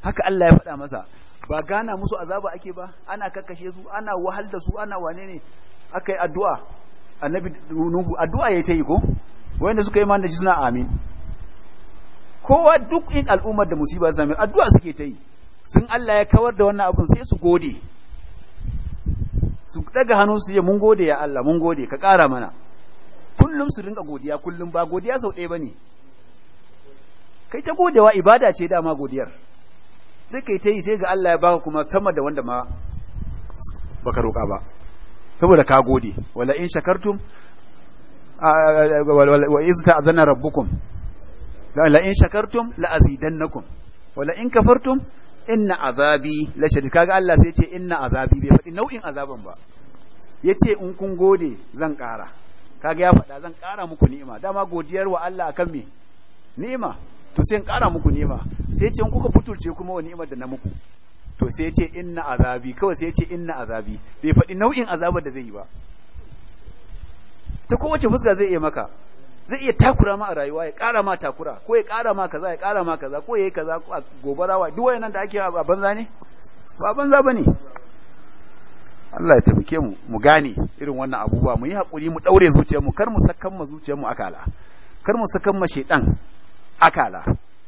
haka Allah ya faɗa masa ba gana musu azaba ake ba ana kakkashe su ana wahal da su ana wane ne akai addu'a annabi nuhu addu'a yayi ta yi ko wanda suka yi ma shi suna amin kowa duk in al'ummar da musiba zamir addu'a suke ta yi sun Allah ya kawar da wannan abun sai su gode su daga hannu su je mun gode ya Allah mun gode ka kara mana kullum su rinka godiya kullum ba godiya sau ɗaya bane kai ta godewa ibada ce dama godiyar sai kai ta yi sai ga Allah ya baka kuma sama da wanda ma baka roƙa ba saboda ka gode wala in shakartum wa izta azana rabbukum la in shakartum la azidannakum wala in kafartum inna azabi la shadid kaga Allah sai ce inna azabi bai faɗi nau'in azaban ba yace in kun gode zan ƙara kaga ya faɗa zan ƙara muku ni'ima dama godiyar wa Allah akan me ni'ima to sai in ƙara muku ni'ima sai ce in kuka fitulce kuma wa ni'imar da na muku to sai ce inna azabi kawai sai ce inna azabi bai faɗi nau'in azabar da zai yi ba ta kowace fuska zai iya maka zai iya takura ma a rayuwa ya ƙara ma takura ko ya ƙara ma kaza ya ƙara ma kaza ko ya yi kaza a gobara wa duk wayannan da ake a banza ne ba banza ba ne. Allah ya tabbake mu mu gane irin wannan abubuwa mu yi hakuri mu daure zuciyarmu kar mu sakan mu zuciyarmu akala kar mu sakan ma shedan akala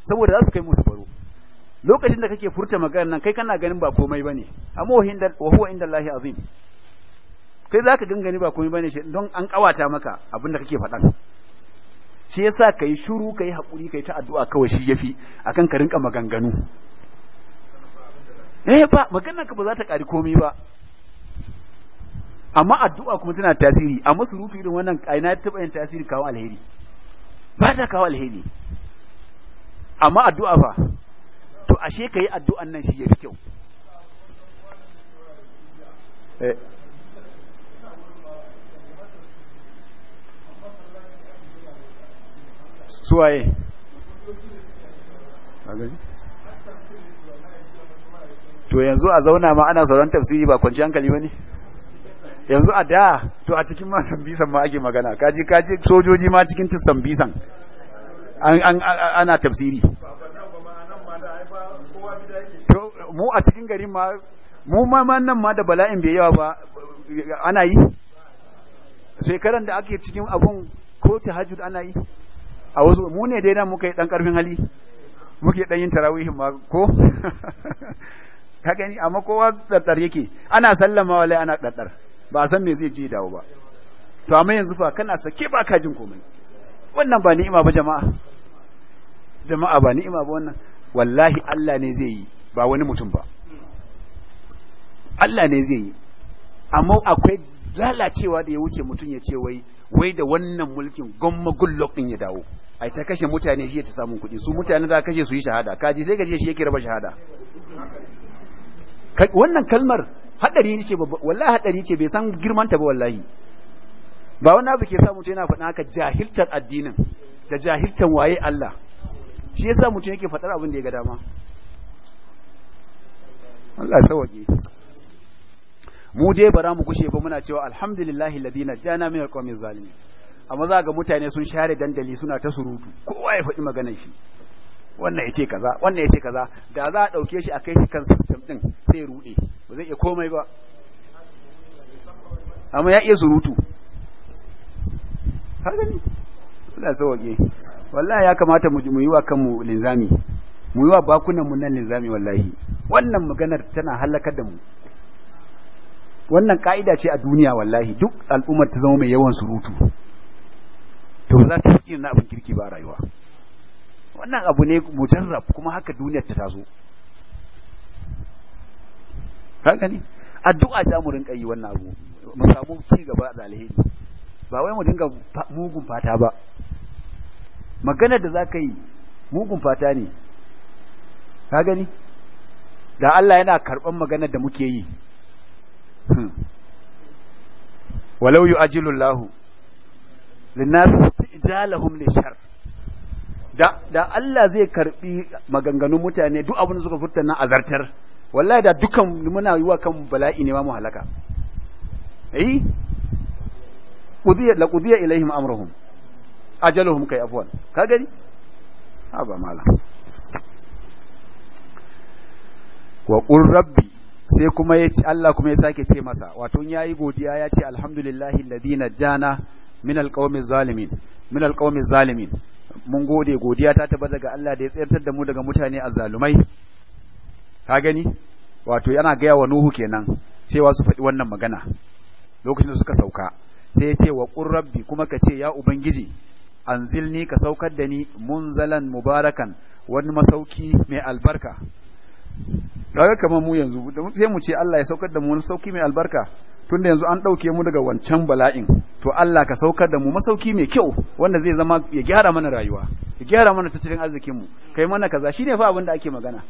saboda za su kai musu baro lokacin da kake furta maganar nan kai kana ganin ba komai bane amma wa huwa inda Allahi azim kai zaka gangani ba komai bane don an kawata maka abin da kake faɗan shi yasa kai shiru kai hakuri kai ta addu'a kawai shi yafi akan ka rinka maganganu eh ba maganar ka ba za ta kari komai ba amma addu'a kuma tana tasiri amma surutu irin wannan aina ta taɓa yin tasiri kawo alheri ba ta kawo alheri amma addu'a fa to ashe ka yi addu'an nan shi yafi kyau. kyau eh. suwaye to yanzu a zauna ma ana sauran tafsiri ba kwanci hankali ne? yanzu a da to a cikin ma sambisan ma ake magana kaji kaji sojoji ma cikin sambisan bisan ana tafsiri mu a cikin garin ma mu ma nan ma da bala'in bai yawa ba ana yi shekaran da ake cikin abun ko tahajjud ana yi a wasu mu ne dai nan muka yi dan karfin hali muke dan yin tarawihin ma ko ka gani amma kowa tsatsar yake ana sallama wala ana tsatsar ba san me zai je dawo ba to amma yanzu fa kana sake ba ka jin komai wannan ba ni'ima ba jama'a jama'a ba ni'ima ba wannan wallahi Allah ne zai yi ba wani mutum ba Allah ne zai yi amma akwai lalacewa da ya wuce mutum ya ce wai wai da wannan mulkin gomma gullok din ya dawo ai ta kashe mutane shi ta samun kuɗi su mutane da kashe su yi shahada kaji sai gaje shi yake raba shahada wannan kalmar hadari ne ce wallahi hadari ce bai san girman ta ba wallahi ba wani abu ke sa mutum yana faɗa haka jahiltar addinin da jahiltar waye Allah shi yasa mutum yake faɗar abin da ya ga dama Allah ya sauke mu dai bara mu kushe ba muna cewa alhamdulillahi ladina jana min alqawmi zalimi. amma za ga mutane sun share dandali suna ta surutu kowa ya faɗi maganar shi wannan yace kaza wannan yace kaza da za a dauke shi a kai shi kan system din sai rude ba zai iya komai ba amma ya iya surutu ka gani Allah sauke wallahi ya kamata mu yi wa kanmu linzami mu yi wa bakunan mu nan linzami wallahi wannan maganar tana halakar da mu wannan ka'ida ce a duniya wallahi duk al'ummar ta zama mai yawan surutu to za ta yi na abin kirki ba rayuwa wannan abu ne mujarrab kuma haka duniyar ta tazo haka ne addu'a za mu rinka yi wannan abu mu samu ci gaba da alheri ba wai mu dinga mugun fata ba Maganar da za ka yi mugun fata ne ka gani da Allah yana karɓar magana da muke yi hmm. walau yi ajilullahu ijalahum li shar da da Allah zai karɓi maganganun mutane duk abin da suka furta na azartar wallahi da dukan muna yi wa kan bala'i ne ma mu halaka eh la ilaihim amruhum ajaluhum kai afwan ka gani ha ba mala wa qul rabbi sai kuma ya Allah kuma ya sake ce masa wato ya yi godiya ya ce alhamdulillahi alladhi najjana min alqawmi zalimin min alqawmi zalimin mun gode godiya ta tabbata daga Allah da ya tsayar da mu daga mutane azzalumai ka gani wato yana gaya wa Nuhu kenan cewa su faɗi wannan magana lokacin da suka sauka sai ya ce wa qur rabbi kuma ka ce ya ubangiji anzilni ka saukar da ni munzalan mubarakan wani masauki mai albarka daga kamar mu yanzu sai mu ce Allah ya saukar da mu wani sauki mai albarka tunda yanzu an ɗauke mu daga wancan bala'in to Allah ka saukar da mu masauki mai kyau wanda zai zama ya gyara mana rayuwa ya gyara mana tattalin arzikin mu kai mana kaza shine fa abin da ake magana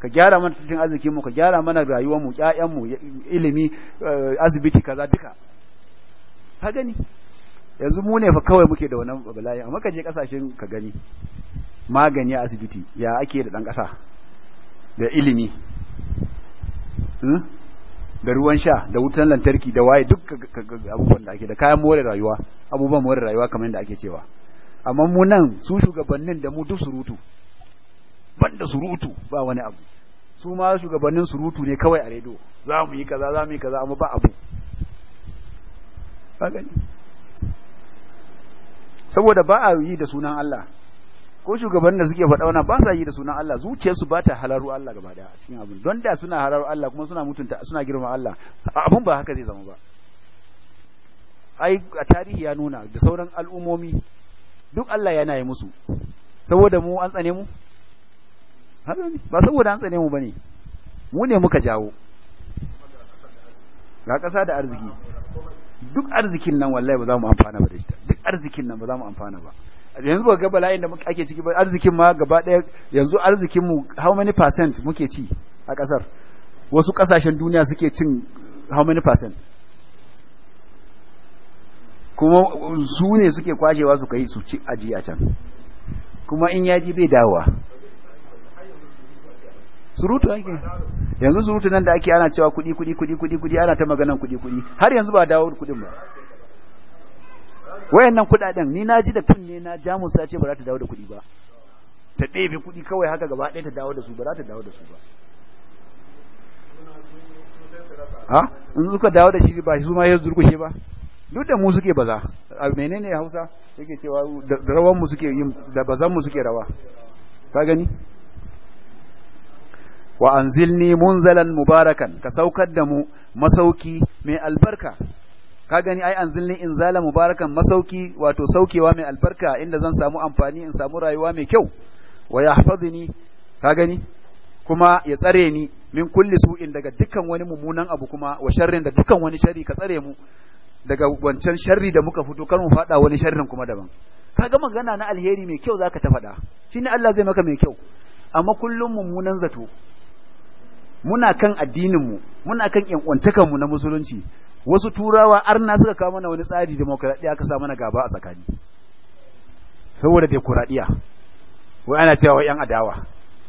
ka gyara mana tattalin arzikin mu ka gyara mana rayuwar mu ƴaƴan mu ilimi eh, asibiti kaza duka ka gani yanzu mu ne fa kawai muke da wannan bala'i amma kan je kasashen ka gani magani a asibiti ya ake da dan kasa da ilimi hmm? da ruwan sha da wutan lantarki da waye duk abubuwan da ake da kayan more rayuwa abubuwan more rayuwa kamar yadda ake cewa amma mu nan su shugabannin da mu duk surutu banda surutu ba wani abu su ma shugabannin surutu ne kawai a rediyo za mu yi kaza za mu yi kaza amma ba abu saboda ba a yi da sunan Allah ko shugabannin da suke faɗa wannan ba sa yi da sunan Allah zuciyarsu ba ta halaru Allah gaba daya a cikin abin don da suna halaru Allah kuma suna mutunta suna girma Allah abin ba haka zai zama ba ai a tarihi ya nuna da sauran al'umomi duk Allah yana yi musu saboda mu an tsane mu ba saboda an tsane mu bane mu ne muka jawo ga ƙasa da arziki duk arzikin nan wallahi ba za mu amfana ba da shi arzikin nan ba za mu amfana ba yanzu ba ga bala'in da ake ciki ba arzikin ma gaba ɗaya yanzu arzikin mu how many percent muke ci a ƙasar wasu ƙasashen duniya suke cin how many percent kuma su ne suke kwashewa su kai su ci aji a can kuma in yaji bai dawowa surutu ake yanzu surutu nan da ake ana cewa kudi kudi kudi kudi kudi ana ta maganan kudi kudi har yanzu ba dawo kudin ba wayannan kudaden ni na ji da kunne na jamus ta ce ba za ta dawo da kuɗi ba ta ɗebe kuɗi kawai haka gaba ɗaya ta dawo da su ba za ta dawo da su ba ha in suka dawo da shi ba su ma ya durkushe ba duk da mu suke baza a menene hausa yake cewa da rawan mu suke yin da bazan mu suke rawa ka gani wa anzilni munzalan mubarakan ka saukar da mu masauki mai albarka ka gani ai in inzala mubarakan masauki wato saukewa mai albarka inda zan samu amfani in samu rayuwa mai kyau wa yahfazini ka gani kuma ya tsare ni min kulli su'in daga dukkan wani mummunan abu kuma wa sharrin da dukkan wani sharri ka tsare mu daga wancan sharri da muka fito kar mu fada wani sharrin kuma daban kaga magana na alheri mai kyau zaka ta faɗa shine Allah zai maka mai kyau amma kullum mummunan zato muna kan addinin mu muna kan yan mu na musulunci wasu turawa arna suka kawo mana wani tsari demokradiya aka sa mana gaba a tsakani saboda demokradiya wai ana cewa wai yan adawa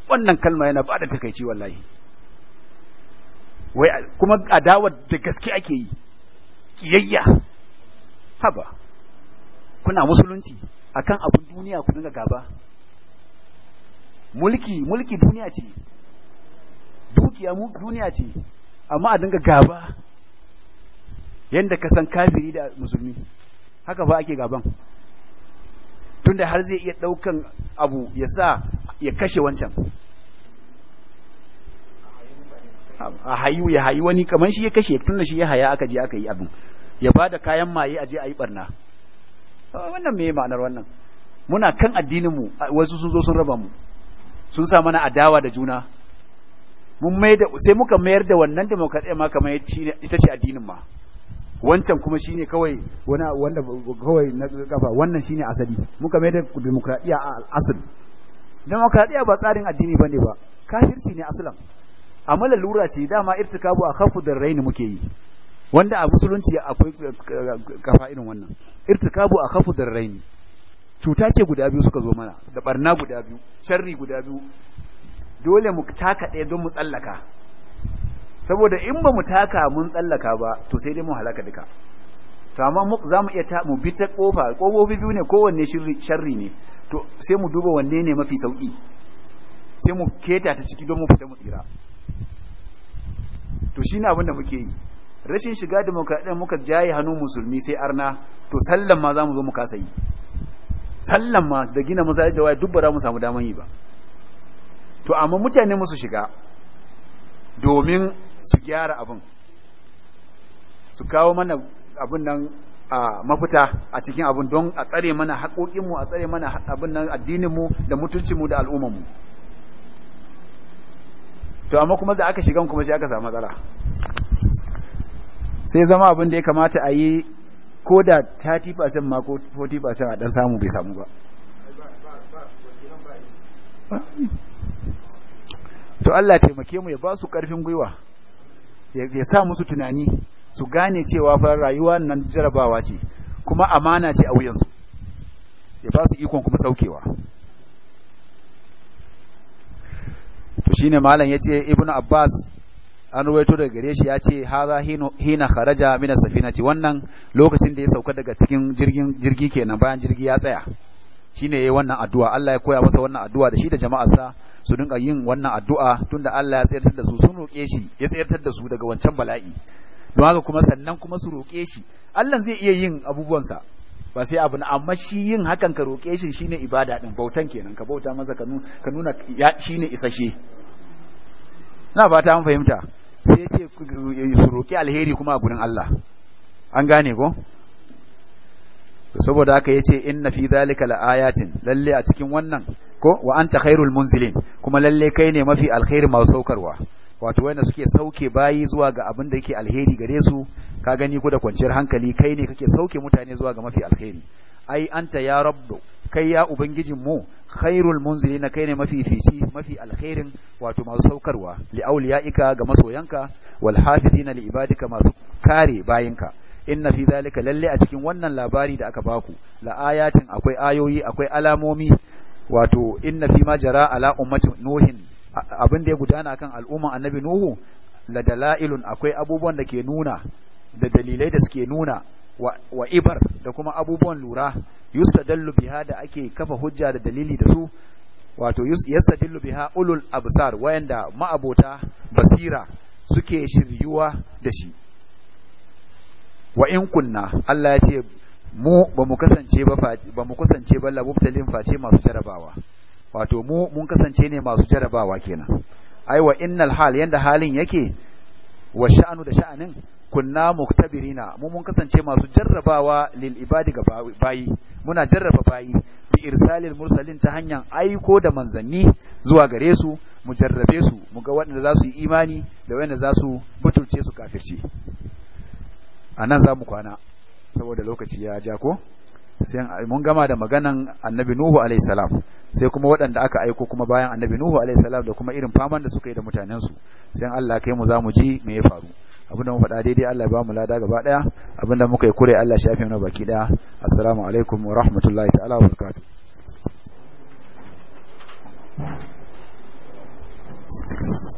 wannan kalma yana bada takaici wallahi wai kuma adawa da gaske ake yi kiyayya haba kuna musulunci akan abin duniya ku dinga gaba mulki mulki duniya ce dukiya duniya ce amma a dinga gaba yanda ka san kafiri da musulmi haka fa ake gaban tunda har zai iya ɗaukan abu ya sa ya kashe wancan a hayu ya hayi wani kamar shi ya kashe tunda shi ya haya aka je aka yi abin ya ba da kayan maye a je a yi barna wannan me ma'anar wannan muna kan addininmu wasu sun zo sun raba mu sun sa mana adawa da juna mun mai da sai muka mayar da wannan demokradiyya ma kamar ita ce addinin ma wancan kuma shine kawai wani wanda kawai na kafa wannan shine asali muka mai da demokradiya a asali demokradiya ba tsarin addini bane ba kafirci ne aslan amma lura ce dama irtikabu a kafu da raini muke yi wanda a musulunci akwai kafa irin wannan irtikabu a kafu da raini cuta ce guda biyu suka zo mana da barna guda biyu sharri guda biyu dole mu taka ɗaya don mu tsallaka saboda in ba mu taka mun tsallaka ba to sai dai mu halaka duka to amma za mu iya ta mu bi ta kofa kofofi biyu ne kowanne sharri ne to sai mu duba wanne ne mafi sauki sai mu keta ta ciki don mu fita mu tsira to shine abin da muke yi rashin shiga demokradiyyar muka jaye hannu musulmi sai arna to sallan ma za mu zo mu kasa yi sallan ma da gina masaji da waya duk ba mu samu daman yi ba to amma mutane musu shiga domin su gyara abin su kawo mana abin nan a mafita a cikin abin don a tsare mana haƙoƙinmu a tsare mana abin nan addininmu da mutuncinmu da al'ummanmu to amma kuma da aka shiga kuma shi aka samu matsala sai zama abin da ya kamata a yi ko da 30% ma ko 40% a ɗan samu bai samu ba to Allah taimake mu ya ba su ƙarfin gwiwa ya sa musu tunani su gane cewa fa rayuwa nan jarabawa ce kuma amana ce a wuyansu ya ba su ikon kuma saukewa to shine malam yace ibnu abbas an ruwaito daga gare shi yace haza hina kharaja min as-safinati wannan lokacin da ya sauka daga cikin jirgin jirgi kenan bayan jirgi ya tsaya shine yayi wannan addu'a Allah ya koya masa wannan addu'a da shi da jama'arsa su dinga yin wannan addu'a tunda Allah ya tsayar da su sun roƙe shi ya tsayar da su daga wancan bala'i don haka kuma sannan kuma su roƙe shi Allah zai iya yin abubuwansa ba sai abu na amma shi yin hakan ka roƙe shi shine ibada din bautan kenan ka bauta masa ka nuna shine isashe na fata an fahimta sai ya ce su roƙi alheri kuma a gurin Allah an gane ko saboda haka yace inna fi zalika ayatin lalle a cikin wannan ko wa anta khairul munzilin kuma lalle kai ne mafi alkhairi masu saukarwa wato wanda suke sauke bayi zuwa ga abin da yake alheri gare su ka gani ku da kwanciyar hankali kai ne kake sauke mutane zuwa ga mafi alheri ai anta ya rabbu kai ya ubangijin mu khairul munzilin kai ne mafi fici mafi alkhairin wato masu saukarwa li auliyaika ga masoyanka wal hafidina li ibadika masu kare bayinka inna fi zalika lalle a cikin wannan labari da aka baku la ayatin akwai ayoyi akwai alamomi wato inna fi ma jara ala ummati nuhin abin da ya gudana kan al'umma annabi nuhu la dalailun akwai abubuwan da ke nuna da dalilai da suke nuna wa, ibar da kuma abubuwan lura yustadallu biha da ake kafa hujja da dalili da su wato yastadillu biha ulul absar wayanda ma'abota basira suke shiryuwa da shi wa in kunna Allah ya ce mu ba mu kasance ba ba mu kasance ba labubtalin face masu jarabawa wato mu mun kasance ne masu jarabawa kenan Aiwa innal hal yanda halin yake wa sha'anu da sha'anin kunna muktabirina mu mun kasance masu jarrabawa lil ibadi ga bayi muna jarraba bayi bi irsalil mursalin ta hanyar aiko da manzanni zuwa gare su mu jarrabe su mu ga waɗanda za su yi imani da waɗanda za su butulce su kafirce anan za mu kwana saboda lokaci ya ja ko sai mun gama da maganan annabi nuhu alayhi salam sai kuma waɗanda aka aiko kuma bayan annabi nuhu alayhi salam da kuma irin faman da suka yi da mutanen su sai Allah kai mu za mu ji me ya faru abinda mu faɗa daidai Allah ya ba mu lada gaba daya abinda muka yi kure Allah shafe mana baki daya assalamu alaikum wa rahmatullahi ta'ala wa barakatuh Thank you.